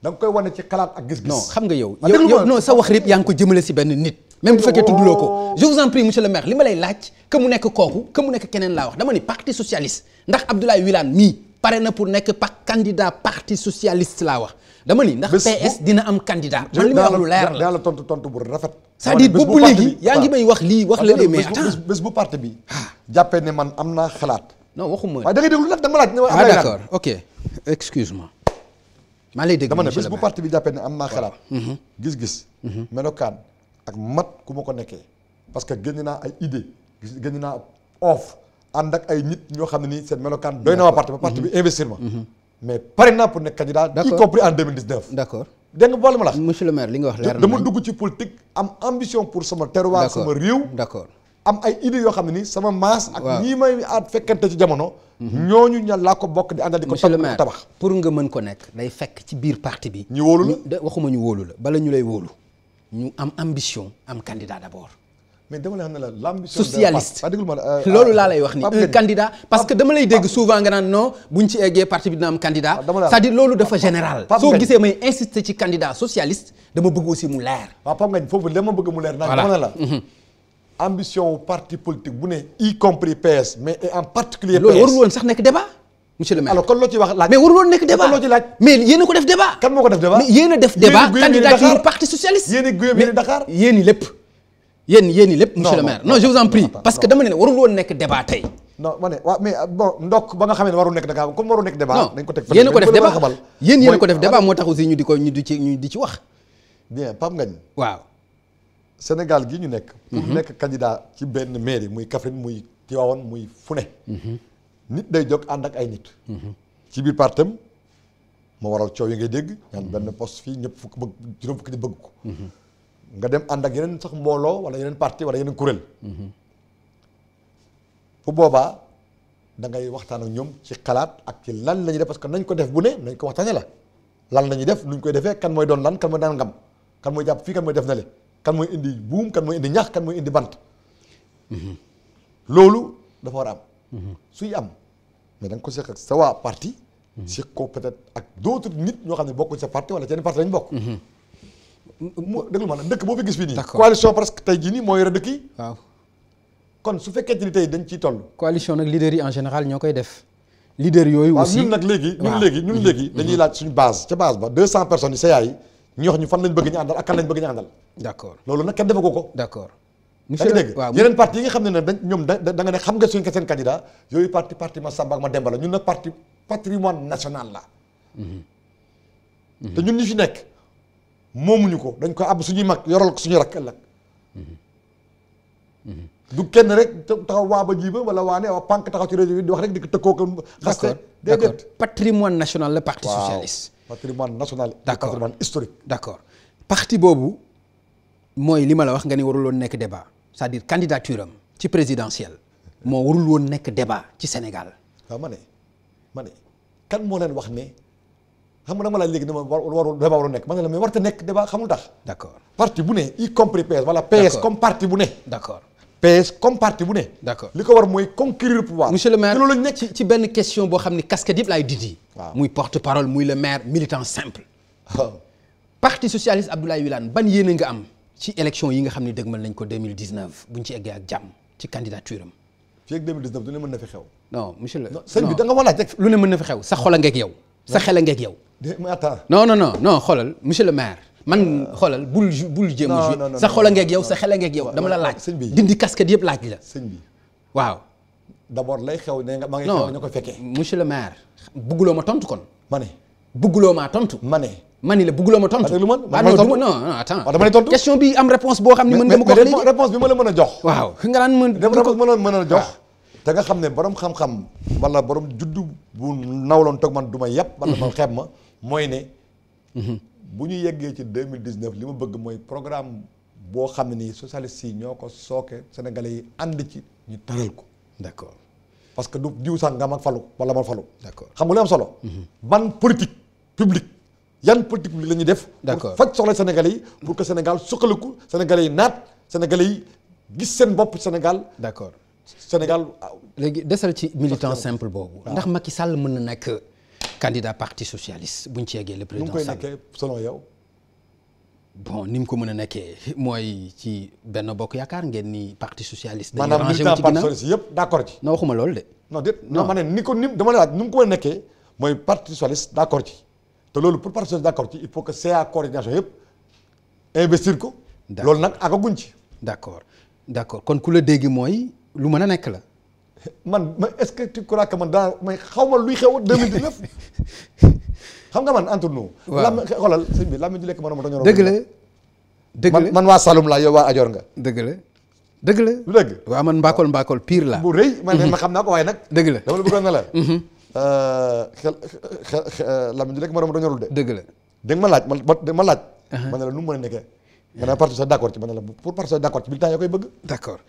da nga koy wane ci xalaat ak gis-gis. xam nga yow. yow non sa wax rek yaa ngi ko jëmale si benn nit. même bu fekkee tudduloo ko oh. je vous en prie monsieur le maire li ma lay laaj que mu nekk kooku que nekk keneen laa wax dama ni parti socialiste ndax Abdoulaye Wilane mii pare na pour nekk pa candidat parti socialiste laa wax dama ni ndax PS dina am candidat man li may wax lu leer la daa la tontu tontu bu rafet sa à dire boobu léegi yaa ngi may wax lii wax la lee mais bu parti bi ah. jàppee ne man am naa xalaat non waxuma da ngay déglu nag dama laaj ne excuse-moi. maa lay dégg dama ne bés bu bi jàppee ne am naa xalaat. Mhm. gis-gis. Mhm. melokaan ak mat ku ma ko nekkee. parce que génn naa ay idée génn naa offre ànd ak ay nit ñoo xam ne nii seen melokaan doy na ma parti ba parti bi mhm. investir ma. mais pare naa pour nekk candidat. y d'accord dégg boole ma la. monsieur maire li nga wax leer na ma dugg ci politique am ambition pour sama terroir. sama réew d'accord am ay idées yoo xam ne nii sama maas. ak ñii may aat fekkante ci jamono. ñooñu ña laa ko bokk di àndal di ko tabax pour nga mën ko nekk day fekk ci biir parti bi. ñu wóolu la waxuma ñu wóolu la bala ñu lay wóolu. ñu am ambition am candidat la l'ambition socialiste euh, loolu euh, laa lay wax ni un candidat parce que dama lay dégg souvent nga naan non buñ bi dina am candidat ah, cest à loolu dafa général soo gisee may insister ci candidat socialiste dama bëgg aussi mu leer waaw ah, Pape Ngagne foofu dama bëgg mu leer naa dama ne mhm. ambition parti politique bu ne y compris PS mais et en particulier PS loolu warul woon sax nekk débat monsieur le maire wax mais warul woon nekk débat mais yéen a ko def débat a def débat candidature parti socialiste yéen i guyam yéen i Dakar yéen i le maire non je vous en prie parce que dama ne warul woon nekk débat tey non euh, ba nga xamee ne warul nekk débat comme warul ko a ko def débat yéen yéen a ko def débat moo tax aussi ñu ñu di ci wax waaw Sénégal gi ñu nekk. Mhm. pour nekk candidat ci benn mairie muy Kaffrine muy Tivaouane muy Fune. Mhm. nit day jóg ànd ak ay nit. Mhm. ci biir partam moo waral coow yi ngay dégg. ñaan benn poste fii ñëpp fukk bëgg juróom fukki di bëgg ko. nga dem ànd ak yeneen sax mbooloo wala yeneen parti wala yeneen kuréel. bu boobaa da ngay waxtaan ak ñoom ci xalaat ak ci lan la ñuy def parce que nañ ko def bu ne nañ ko waxtaanee la. lan la ñuy def luñ koy defee kan mooy doon lan kan mooy daan ngam jàpp fii kan mooy def na le kan mooy indi buum kan mooy indi ñax kan mooy indi bant loolu dafa war a am suy am mais da nga ko seq ak sa waa parti seq ko peut-être ak d'autres nit ñoo xam ne bokkuñ sa parti wala seen parti lañ bokk déglu ma nag dëkk boo fi gis fii nii coalition presque tey jii nii moo yore dëkk kon su fekkee ni tey dañ ciy toll coalition nag leader yi en général ñoo koy def leader yooyu aussi ñun nag léegi ñun léegi ñun dañuy mhm. laaj suñu base ca base ba deux cent personnes y ñu wax ñu fan lañ bëgg ñu àndal ak kan lañ bëgg ñu àndal. d' loolu nag kenn defe ko ko. d' accord monsieur dégg yeneen parti yi nga xam ne ne dañ ñoom da da nga ne xam nga suñ ko seen candidat yooyu parti parti ma Samba ak ma Demba la ñun nag parti patrimoine national la. Mm-hmm. te ñun ñu fi nekk moomuñu ko dañ ko àbb suñuy mag yoral ko suñu rakk ëllëg. Mm-hmm. Mm-hmm. du kenn rek taxaw waa ba jiiba wala waane waa pànk taxaw ci réseau bi di wax rek di ko tëkkoo ko. d' d' accord patrimoine national la parti socialiste. patrimoine national. d'accord patrimoine historique. d'accord parti boobu mooy li ma la wax nga ni warul woon nekk débat c'est-à-dire candidature am ci présidentielle moo warul woon nekk débat ci Sénégal. Ah, ma ne ma ne kan moo leen wax ne xam nga dama laaj léegi dama war warul nekk ma ne la mais warta nekk débat xamul tax. d'accord parti bu ne y compris PS wala PS comme parti bu ne. d'accord. PS comme parti bu ne. li ko war mooy conquérir pouvoir. monsieur le maire loolu lañ nekk ci ci benn question boo xam ne casquette yëpp laay dindi. waaw muy porte parole muy le maire militant simple. Oh. parti socialiste Abdoulaye Wilane ban yéene nga am ci election yi nga xam ne dëgmal nañ ko 2019 buñ ci eggee ak jàmm ci candidature am. fii ne mën na fi xew. non monsieur nga ma laaj lu ne mën na fi xew sa xol a ngeeg yow. sa xel a ngeeg yow. mais attends non non non non xoolal monsieur le maire. man xoolal bul bul jéem a joué sa xol a ngeeg yow sa xel a ngeeg yow dama la laaj dindi casquette yëpp laaj la sëñ bi waaw d'abord lay xew ne nga ma ngi xew ko fekkee monsieur le maire bugguloo ma tontu kon ma ne bugguloo maa tontu ma ne ma ni la bugguloo ma tontu ah non non non attends dama lay tontu question bi am réponse boo xam ne mën nga ma ko wax léegi réponse bi ma la a jox waaw nga naan mën a ah. nga xam ne borom xam-xam wala borom juddu bu nawloon toog man du ma yàpp mhm. wala ma xeeb ma mooy ne mhm. bu ñu yeggee ci deux mille dix neuf li ma bëgg mooy programme boo xam ne nii socialiste yi ñoo ko sooke sénégalais yi ànd ci ñu tëral ko. d' accord parce que du jiw nga ak falu wala ma falu. d' xam nga lu am solo. Mhm. ban politique publique yan politique publique la ñuy def. d' accord pour faj soxla sénégalais yi. pour que Sénégal suqaliku sénégalais yi naat sénégalais yi gis seen bopp Sénégal. d' accord Sénégal. Ah, léegi desal ci militant simple boobu. ndax Macky Sall mën na nekk. candidat parti socialiste bu ñu ci yeggee le président Sall nu bon ni mu ko mën a nekkee mooy ci benn bokk yaakaar ngeen ni parti socialiste. dañuy rangé wu ci ginnaaw maanaam yëpp d' accord ci. non waxuma loolu de. non ni ko ni dama la laaj ni mu ko mën a mooy parti socialiste d' ci te loolu pour parti socialiste d' accord ci il faut que CA ko. d' loolu nag àggaguñ ci. d' accord d' accord kon ku la dégg mooy lu mën a nekk la. man ma est-ce que tu crois que man daa may xaw ma luy xew 2019 xam nga man entre nous. waaw lam xoolal sëñ bi lam mi di lekk moroom dañoo. man waa Saloum laa yow waa Ajoor nga. dëgg la dëgg waaw man mbaakool mbaakool pire laa. man de mhm. ma xam naa ko waaye nag. dëgg la dama la bëggoon ne la. Mhm. Euh, xel xel xel lam mi di lekk de. dëgg la dégg ma laaj man ma laaj. ma ne la nu mu mën a nekkee. maanaam parti sax d' accord ci man la pour parti sax d' accord ci koy bëgg. d' accord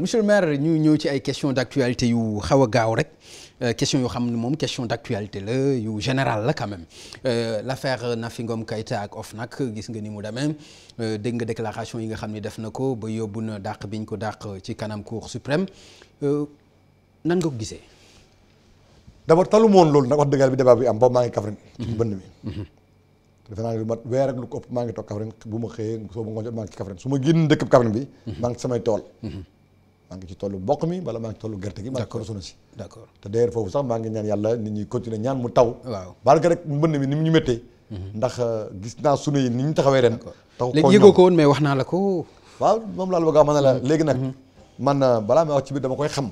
monsieur maire ñu ñëw ci ay questions d' actualité yu xaw a gaaw rek euh, question yoo xam ne moom question d' la yu général la quand même euh, l' affaire Nafi ngoom Keïta ak OFNAC gis nga ni mu demee euh, dégg nga déclaration yi nga xam ne def na ko ba yóbbu na dàq biñ ko dàq ci kanam cour suprême nan nga ko gisee. dama abord talu moon loolu nag wax bi débat bi am boobu maa ngi Kaffrine. ci mhm. bënd mi. Mhm. defe naa lu mat weer ak lu ko ëpp maa ngi toog Kaffrine bu ma xëyee soo ma ngoon jot maa ngi ci Kaffrine su ma génn dëkk Kaffrine bi mhm. maa ngi ci samay tool mhm. maa ngi ci tollu mboq mi wala maa ngi tollu gerte gi maa ngi tollu sunu si d'accord te d'ailleurs foofu sax maa ngi ñaan yàlla nit ñi continuer ñaan mu taw waaw baal ga rek mbënn mi ni mu ñu méttee mhm. ndax euh, gis naa sunu yi ni ñu taxawee ren taxu léegi yëgoo ko woon mais wax naa la ko waaw moom laa la bëgg a wax ma ne la léegi nag man euh, balaa ma wax ci biir dama koy xam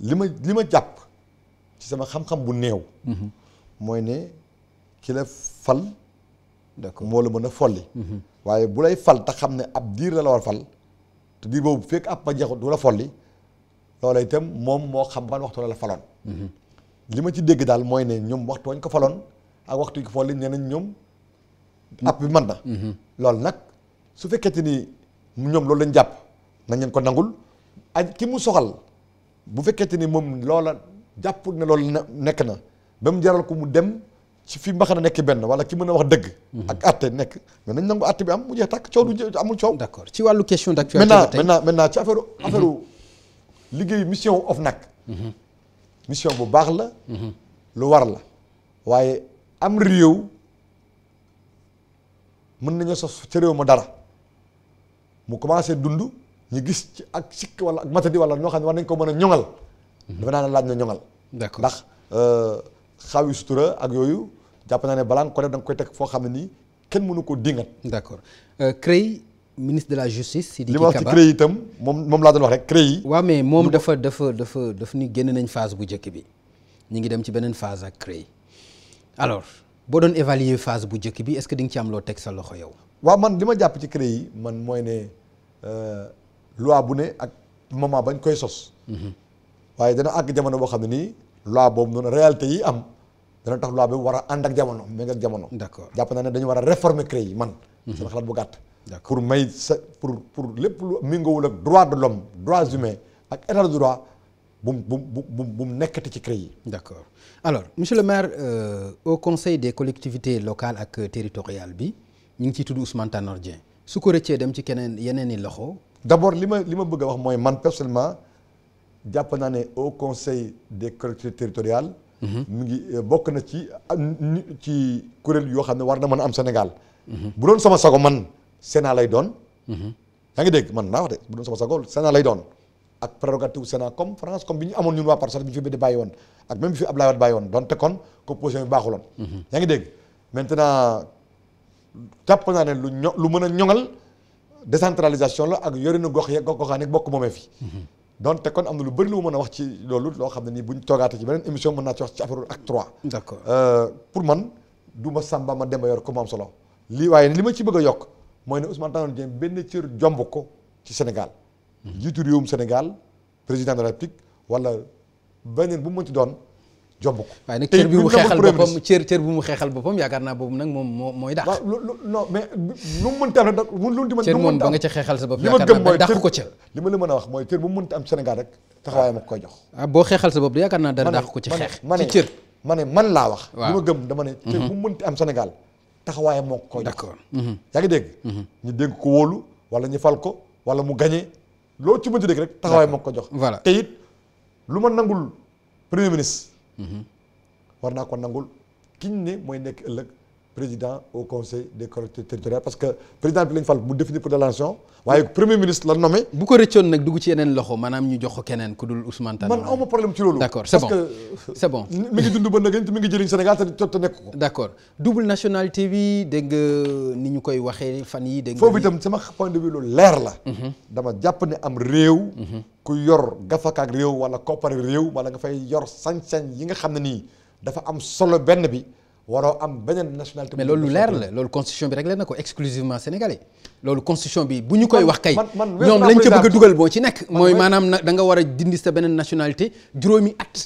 li ma li ma jàpp ci sama xam-xam bu néew mooy ne ki la fal moo la mën a folli mhm. waaye bu lay fal te xam ne ab diir la la war fal te diir boobu fekk ab ma jeexut du la folli loola itam moom moo xam ban waxtu la la faloon mhm. li ma ci dégg daal mooy ne ñoom waxtu wañ ko faloon ak waxtu ko folli nee nañ ñoom app bi mën na mhm. loolu nag su fekkente ni ñoom loolu lañ jàpp nañ leen ko nangul ki mu soxal bu fekkente ni moom loola jàpp ne loolu nekk na ba mu jaral ko mu dem su fi mbaxana nekk benn wala ki mën a wax dëgg ak atte nekk mais na nangu atte bi am mu jeex tàkk coow du amul coow d'accord ci wàllu question d'actualité maintenant maintenant maintenant ci affaire affaire liggéeyu mission OFNAC mhm. mission bu baax la lu war la waaye am réew mën nañu sos ci réew ma dara mu commencé dund ñu gis ci ak sikk wala ak matadi wala ñoo xam ne war nañ ko mën a ñoŋal mhm. dafa naa laaj na ñoŋal d'accord ndax euh, xaw yu sutura ak yooyu jàpp naa ne balaa nga ko def da koy teg foo xam ne nii kenn mënu koo dingat d'accord euh, CREI ministre de la justice Sidiki Kaba li ma wax ci CREI itam moom moom laa doon wax rek CREI yi mais moom dafa dafa dafa daf ni génn nañ phase bu njëkk bi ñu ngi dem ci beneen phase ak CREI alors boo doon évaluer phase bu njëkk bi est-ce que di ci am loo teg sa loxo yow waaw man li ma jàpp ci CREI man mooy ne euh, loi bu ne ak moment bañ koy sos mhm. waaye dana àgg jamono boo xam ne nii loi boobu noonu réalité yi am dana tax loi bi war a ànd ak jamono méngoo ak jamono. d'accord jàpp naa ne dañu war a réformer CREI yi man. Mhm. sama xalaat bu gàtt. pour may sa pour pour lépp lu wul ak droit de l'homme droits humains ak état de droit bu bu bu nekkati ci CREI yi. d'accord alors monsieur le maire euh, au conseil de collectivités locale ak territoriales bi ñu ngi ciy tudd Ousmane Tanor su ko rëccee dem ci keneen yeneen i loxo. d'abord li ma li ma bëgg a wax mooy man personnellement jàpp naa ne au conseil des collectivités territoriales. Mm-hmm. mu ngi euh, bokk na ci ci kuréel yoo xam ne war na mën a am Sénégal. Mm-hmm. bu doon sama sago man Sénat lay doon. Mm-hmm. yaa ngi dégg man naa wax de bu doon sama sago Sénat lay doon. ak prérogative Sénat comme France comme bi ñu amoon ñun waa Parsef bi ñu fi bëgg bàyyi woon ak même bi fi Abdoulaye Wade bàyyi woon donte kon composition bi baaxuloon. yaa ngi dégg maintenant tàpp naa ne lu ño lu mën a ñoŋal décentralisation la ak yorinu gox yeeg gox goxaan bokk moomee fi. donc te kon am na lu bëri lu mën a wax ci loolu loo xam ne nii bu ñu toogaatee ci beneen émission mën naa ci wax ci affaire acte d'accord euh, pour man du ma Samba ma Demba yor ko mu am solo lii waaye li ma ci bëgg a yokk mooy ne Ousmane Tanor Dieng benn cër jomb ko ci Sénégal. Mhm. njiitu réewum Sénégal président de la walla wala beneen bu mu mënti doon. jomb ko waaye nag cër bi mu xeexal boppam cër cër yaakaar naa boobu nag moom moo mooy dàq waaw non mais lu mu mënta am sa bopp yaakaar naa ko ca li ma a wax mooy cër bu mu mënta am Sénégal rek taxawaay koy jox ah boo xeexal sa bopp man laa wax li ma gëm dama ne cër mhm. bu mu mënta am Sénégal taxawaay moo koy jox d'accord mhm. Mhm. yaa ngi dégg ñu dégg ko wóolu wala ñu fal ko wala mu gañe loolu ci mënti dégg rek taxawaay moo ko jox voilà te it lu ma nangul premier ministre war naa ko nangul kiñ ne mooy nekk ëllëg président au conseil des collectivités territoriales parce que président bi fal mu définir pour de l'action waaye premier ministre la nommé. bu ko rëccoon nag dugg ci yeneen loxo maanaam ñu jox ko keneen ku dul Ousmane Tanor man awma bon parce ngi dund ba nag te ngi jëriñ Sénégal te nekk ko. d'accord double nationalité bi dégg ni ñu koy waxee fan yi dégg nga foofu itam sama point de vue loolu leer la. Mhm. dama jàpp ne am réew. Mhm. ku yor gafakaak réew wala koppar réew wala nga fay yor sañ-sañ yi nga xam ne nii dafa am solo benn bi waroo am beneen nationalité. mais loolu lu leer la loolu constitution bi réglé na ko exclusivement sénégalais loolu constitution bi bu ñu koy wax kay. ñoom lañ ca bëgg a boo ci nekk. mooy maanaam nag da nga war a dindi sa beneen nationalité juróomi at.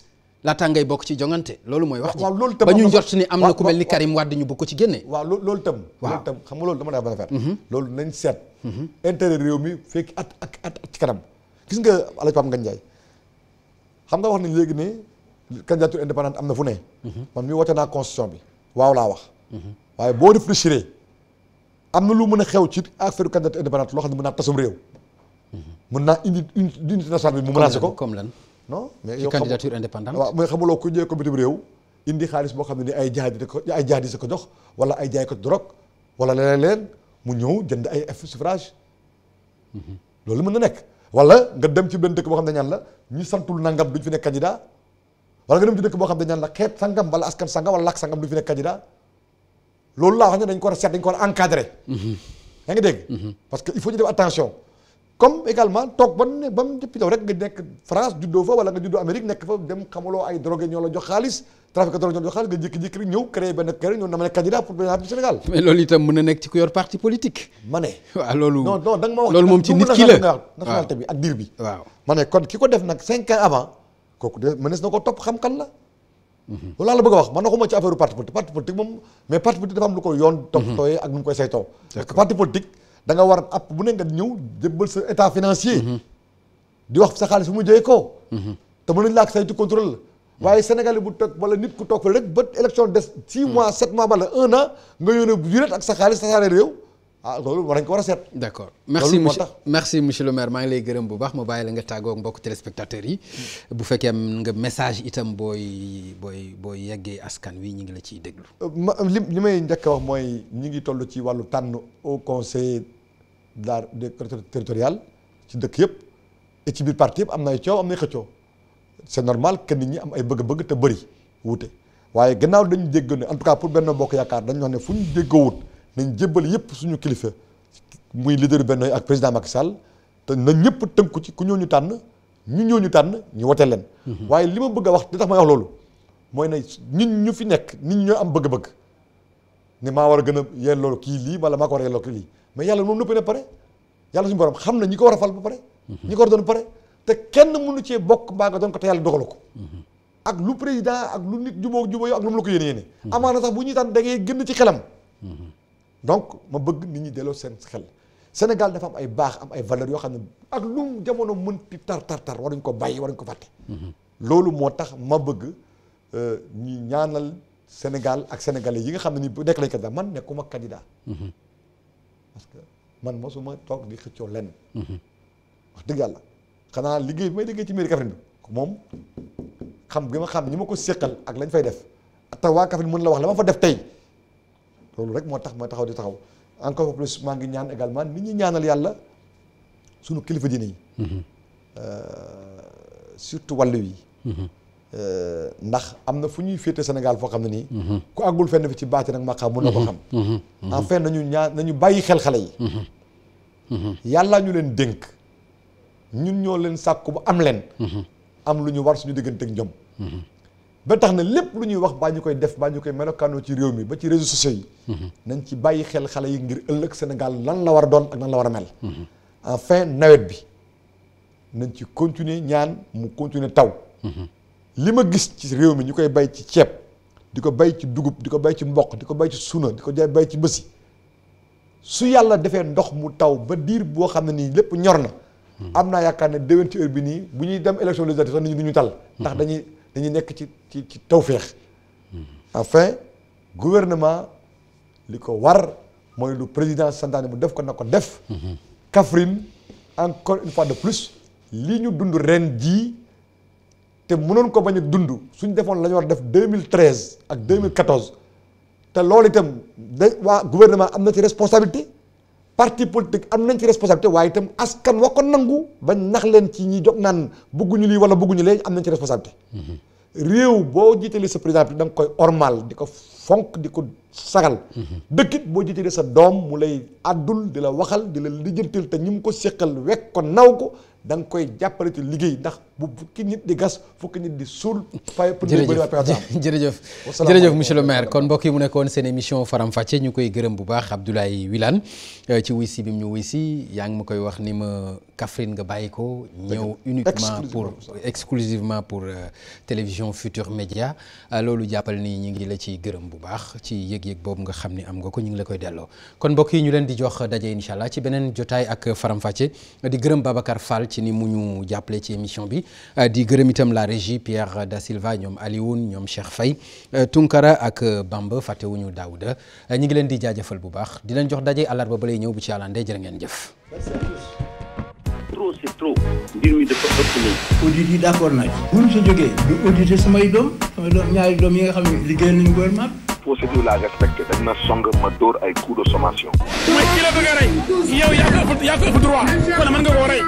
laataa bokk ci jongante loolu mooy wax ji loolu tam ba ñu njort ni am na ku mel ni Karim loolu tam. waaw loolu tam loolu dama la wax ba mhm. loolu nañ seet. Mhm. intérêt réew mi fekk at ak at ci kanam. gis nga El Hadj Pape Ngagne xam nga wax nañ léegi ne candidature indépendante am na fu ne. Mhm. man mi woote naa constitution bi waaw laa wax. Mhm. waaye boo réfléchiré am na lu mën a xew ci affaire candidature indépendante loo xam ne mën naa tasum réew. Mhm. mën naa indi unité nationale bi mu menacé ko comme lan mais yow candidature indépendante waaw mais xamuloo ku ñëwee comité bi réew. indi xaalis boo xam ne ni ay jaay ko ay jaay di ko jox wala ay jaay ko drogue wala leneen leneen mu ñëw jënd ay suffrage loolu wala nga dem ci benn dëkk boo xam ne ñaan la ñu santul nangam duñ fi nekk candidat wala nga dem ci dëkk boo xam ne ñaan la xeet sangam wala askan sangam wala làkk sangam duñ fi nekk candidat loolu laa wax ne dañ ko war a seet dañ ko war a encadré mhm. yaa ngi dégg mhm. parce que il faut ñu def attention comme également toog ba ne ba mu jëppitaw rek nga nekk France juddoo fa nekk fa dem xamaloo ay drogué ñoo la jox xaalis trafic drogue jox xaalis nga jékki-jékki rek ñëw créé benn kër ñëw na ma nekk ci ku yor parti politique ma loolu moom ci nit ki la nationalité bi ak diir bi ma ne kon ki ko def nag cinq ans avant kooku de mënees na ko topp xam-xam la mhm. loolu laa la bëgg a wax man waxuma ci affaire parti politique parti politique moom mais parti politique dafa am lu ko yoon danga war war app bu ne nga ñëw jëbbal sa état financier. di wax sa xaalis fu mu jëyee koo. te mën nañ laa ak saytu contrôle la. waaye Sénégal bu toog wala nit ku toog fa rek ba élection des. 6 mois set mois bala un an nga yónnee bu juret ak sa xaalis tasaare réew. ah loolu war nañ war a seet. d' accord merci monsieur merci monsieur le maire maa ngi lay gërëm bu baax ma bàyyi la nga tàggoo ak mbokk téléspectateurs yi. Mm. bu fekkee nga message itam booy booy booy yeggee askan wi ñu ngi la ciy déglu. Euh, ma li li may njëkk a wax mooy ñu ngi toll ci wàllu tànn au conseil de la de territorial ci dëkk yëpp et ci biir parti yëpp am na ay coow am na ay xëccoo c' est normal que ñi am ay bëgg-bëgg te bëri wuute waaye gannaaw dañu dégg ne en tout pour benn bokk yaakaar dañu wax ne fu ñu déggoo nañ jébbal yëpp suñu kilifa muy leader Benno ak président Macky Sall te nañ ñëpp tënku ci ku ñoo ñu tànn ñu ñoo ñu tànn ñu wote leen. Mhm. waaye li ma bëgg a wax di tax may wax loolu mooy ne nit ñu fi nekk nit ñu am bëgg-bëgg ne maa war a gën a yelloo kii lii wala maa ko war a yelloo kii lii mais yàlla moom nëppee na pare yàlla suñu borom xam na ñi ko war a fal ba pare. Mhm. ñi ko war a doon pare te kenn mënu cee bokk mbaa nga doon ko te yàlla dogalu ko. Mhm. ak lu président ak lu nit jubóo jubóo ak lu mu la ko yéene yéene. amaana sax bu ñuy tànn da gën ci xelam. donc ma bëgg nit ñi delloo seen xel Sénégal dafa am ay baax am ay valeurs yoo xam ne ak lu jamono mënti tar tar tar waruñ ko bàyyi waruñ ko fàtte. Mhm. loolu moo tax ma bëgg euh, ñu ñaanal Sénégal ak sénégalais yi nga xam ne ni bu nekk lañ candidat man nekkuma candidat. Mhm. parce que man mosuma toog di xëccoo lenn. Mhm. wax dëgg yàlla xanaa liggéey bi may liggéey ci mairie Kaffrine bi moom xam gi ma xam ñi ma ko séqal ak lañ fay def te waa Kaffrine mën la wax la ma fa def tey. loolu rek moo tax ma taxaw di taxaw encore plus maa ngi ñaan également nit ñi ñaanal yàlla suñu kilifa ji yi. Mhm. Euh, surtout wàllu yi. Mhm. Euh, ndax am na fu ñuy féete Sénégal foo xam ne nii. Mhm. ku àggul fenn fi ci baati nag maqaam mën na ko xam. enfin nañu ñaan nañu bàyyi xel xale yi. yàlla ñu leen dénk ñun ñoo leen sàkku bu am leen. am lu ñu war suñu digganteeg ñoom. ba tax na lépp lu ñuy wax baa ñu koy def baa ñu koy melokaanoo ci réew mi ba ci réseaux sociaux yi mm-hmm. nañ ci bàyyi xel xale yi ngir ëllëg Sénégal lan la war a doon ak lan la war a mel mm-hmm. enfin nawet bi nañ ci continuer ñaan mu continuer taw mm-hmm. li ma gis ci réew mi ñu koy bay ci ceeb di ko bay ci dugub di ko bay ci mboq di ko bay ci suuna di ko bay ci bësi su yàlla defee ndox mu taw ba diir boo xam ne nii lépp ñor na am naa yaakaar ne déwén ci heure bi nii bu ñuy dem élection législative sax nit ñi ñu tal dañuy nekk ci ci ci tawféex enfin gouvernement li ko war mooy lu président santaane mu def ko na ko def Kaffrine encore une fois de plus li ñu dund ren jii te mënoon ko bañ a dund suñ defoon la ñu war def 2013 ak 2014 te loolu itam da waa gouvernement am na ci responsabilité parti politique am nañ ci responsabilité waaye tam askan wa ko nangu ba nax leen ci ñi jot naan bëgguñu lii wala bëgguñu leen am nañ ci responsabilité. Mhm. réew boo jiitalee sa président bi da koy ormal di ko fonk di ko sagal. Mhm. dëkkit boo jiitalee sa doom mu lay àddul di la waxal di la lijjantil te ñi mu ko séqal wekk ko naw ko danga koy jàppale ci liggéey ndax. bu fukki nit di gas fukki nit di suul. fay pour ñu jërëjëf jërëjëf monsieur le maire kon mbokk yi mu nekkoon seen émission faram fàcce ñu koy gërëm bu baax Abdoulaye wilaan euh, ci wuy si bi mu ñu wuy si yaa ngi ma koy wax ni ma Kaffrine nga bàyyi ko. ñëw uniquement pour exclusivement pour euh, télévision Futur Média euh, loolu jàppal nii ñu ngi la ciy gërëm bu baax ci yëg-yëg boobu nga xam ni am nga ko ñu ngi la koy delloo kon mbokk yi ñu leen di jox daje incha allah ci beneen jotaay ak faram di gërëm Babacar Fall ci ni mu ñu jàppale ci émission bi Euh, di gërëm itam la régie Pierre Da Silva ñoom Alioune ñoom Cheikh Faye euh, Tunkara ak euh, Bamba fàttewuñu Daouda ñi ngi leen di jaajëfal bu baax di leen jox daje àllarba ba lay ñëw bu ci àllande jërë ngeen jëf. trop c'est trop. mbir mi dafa ëpp yi sa jógee samay doom samay doom yi nga xam ne liggéey nañu gouvernement bi. procédure laa respecté dañ song ma dóor ay coup de sommation. mais ki la bëgg a rey yow yaa ko ëpp yaa ko ëpp droit kon mën nga koo rey.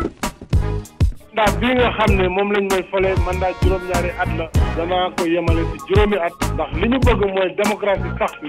mandat bi nga xam ne moom lañ may fale mandat juróom-ñaari at la danaa ko yemal ci juróomi at ndax li ñu bëgg mooy démocratie sax bi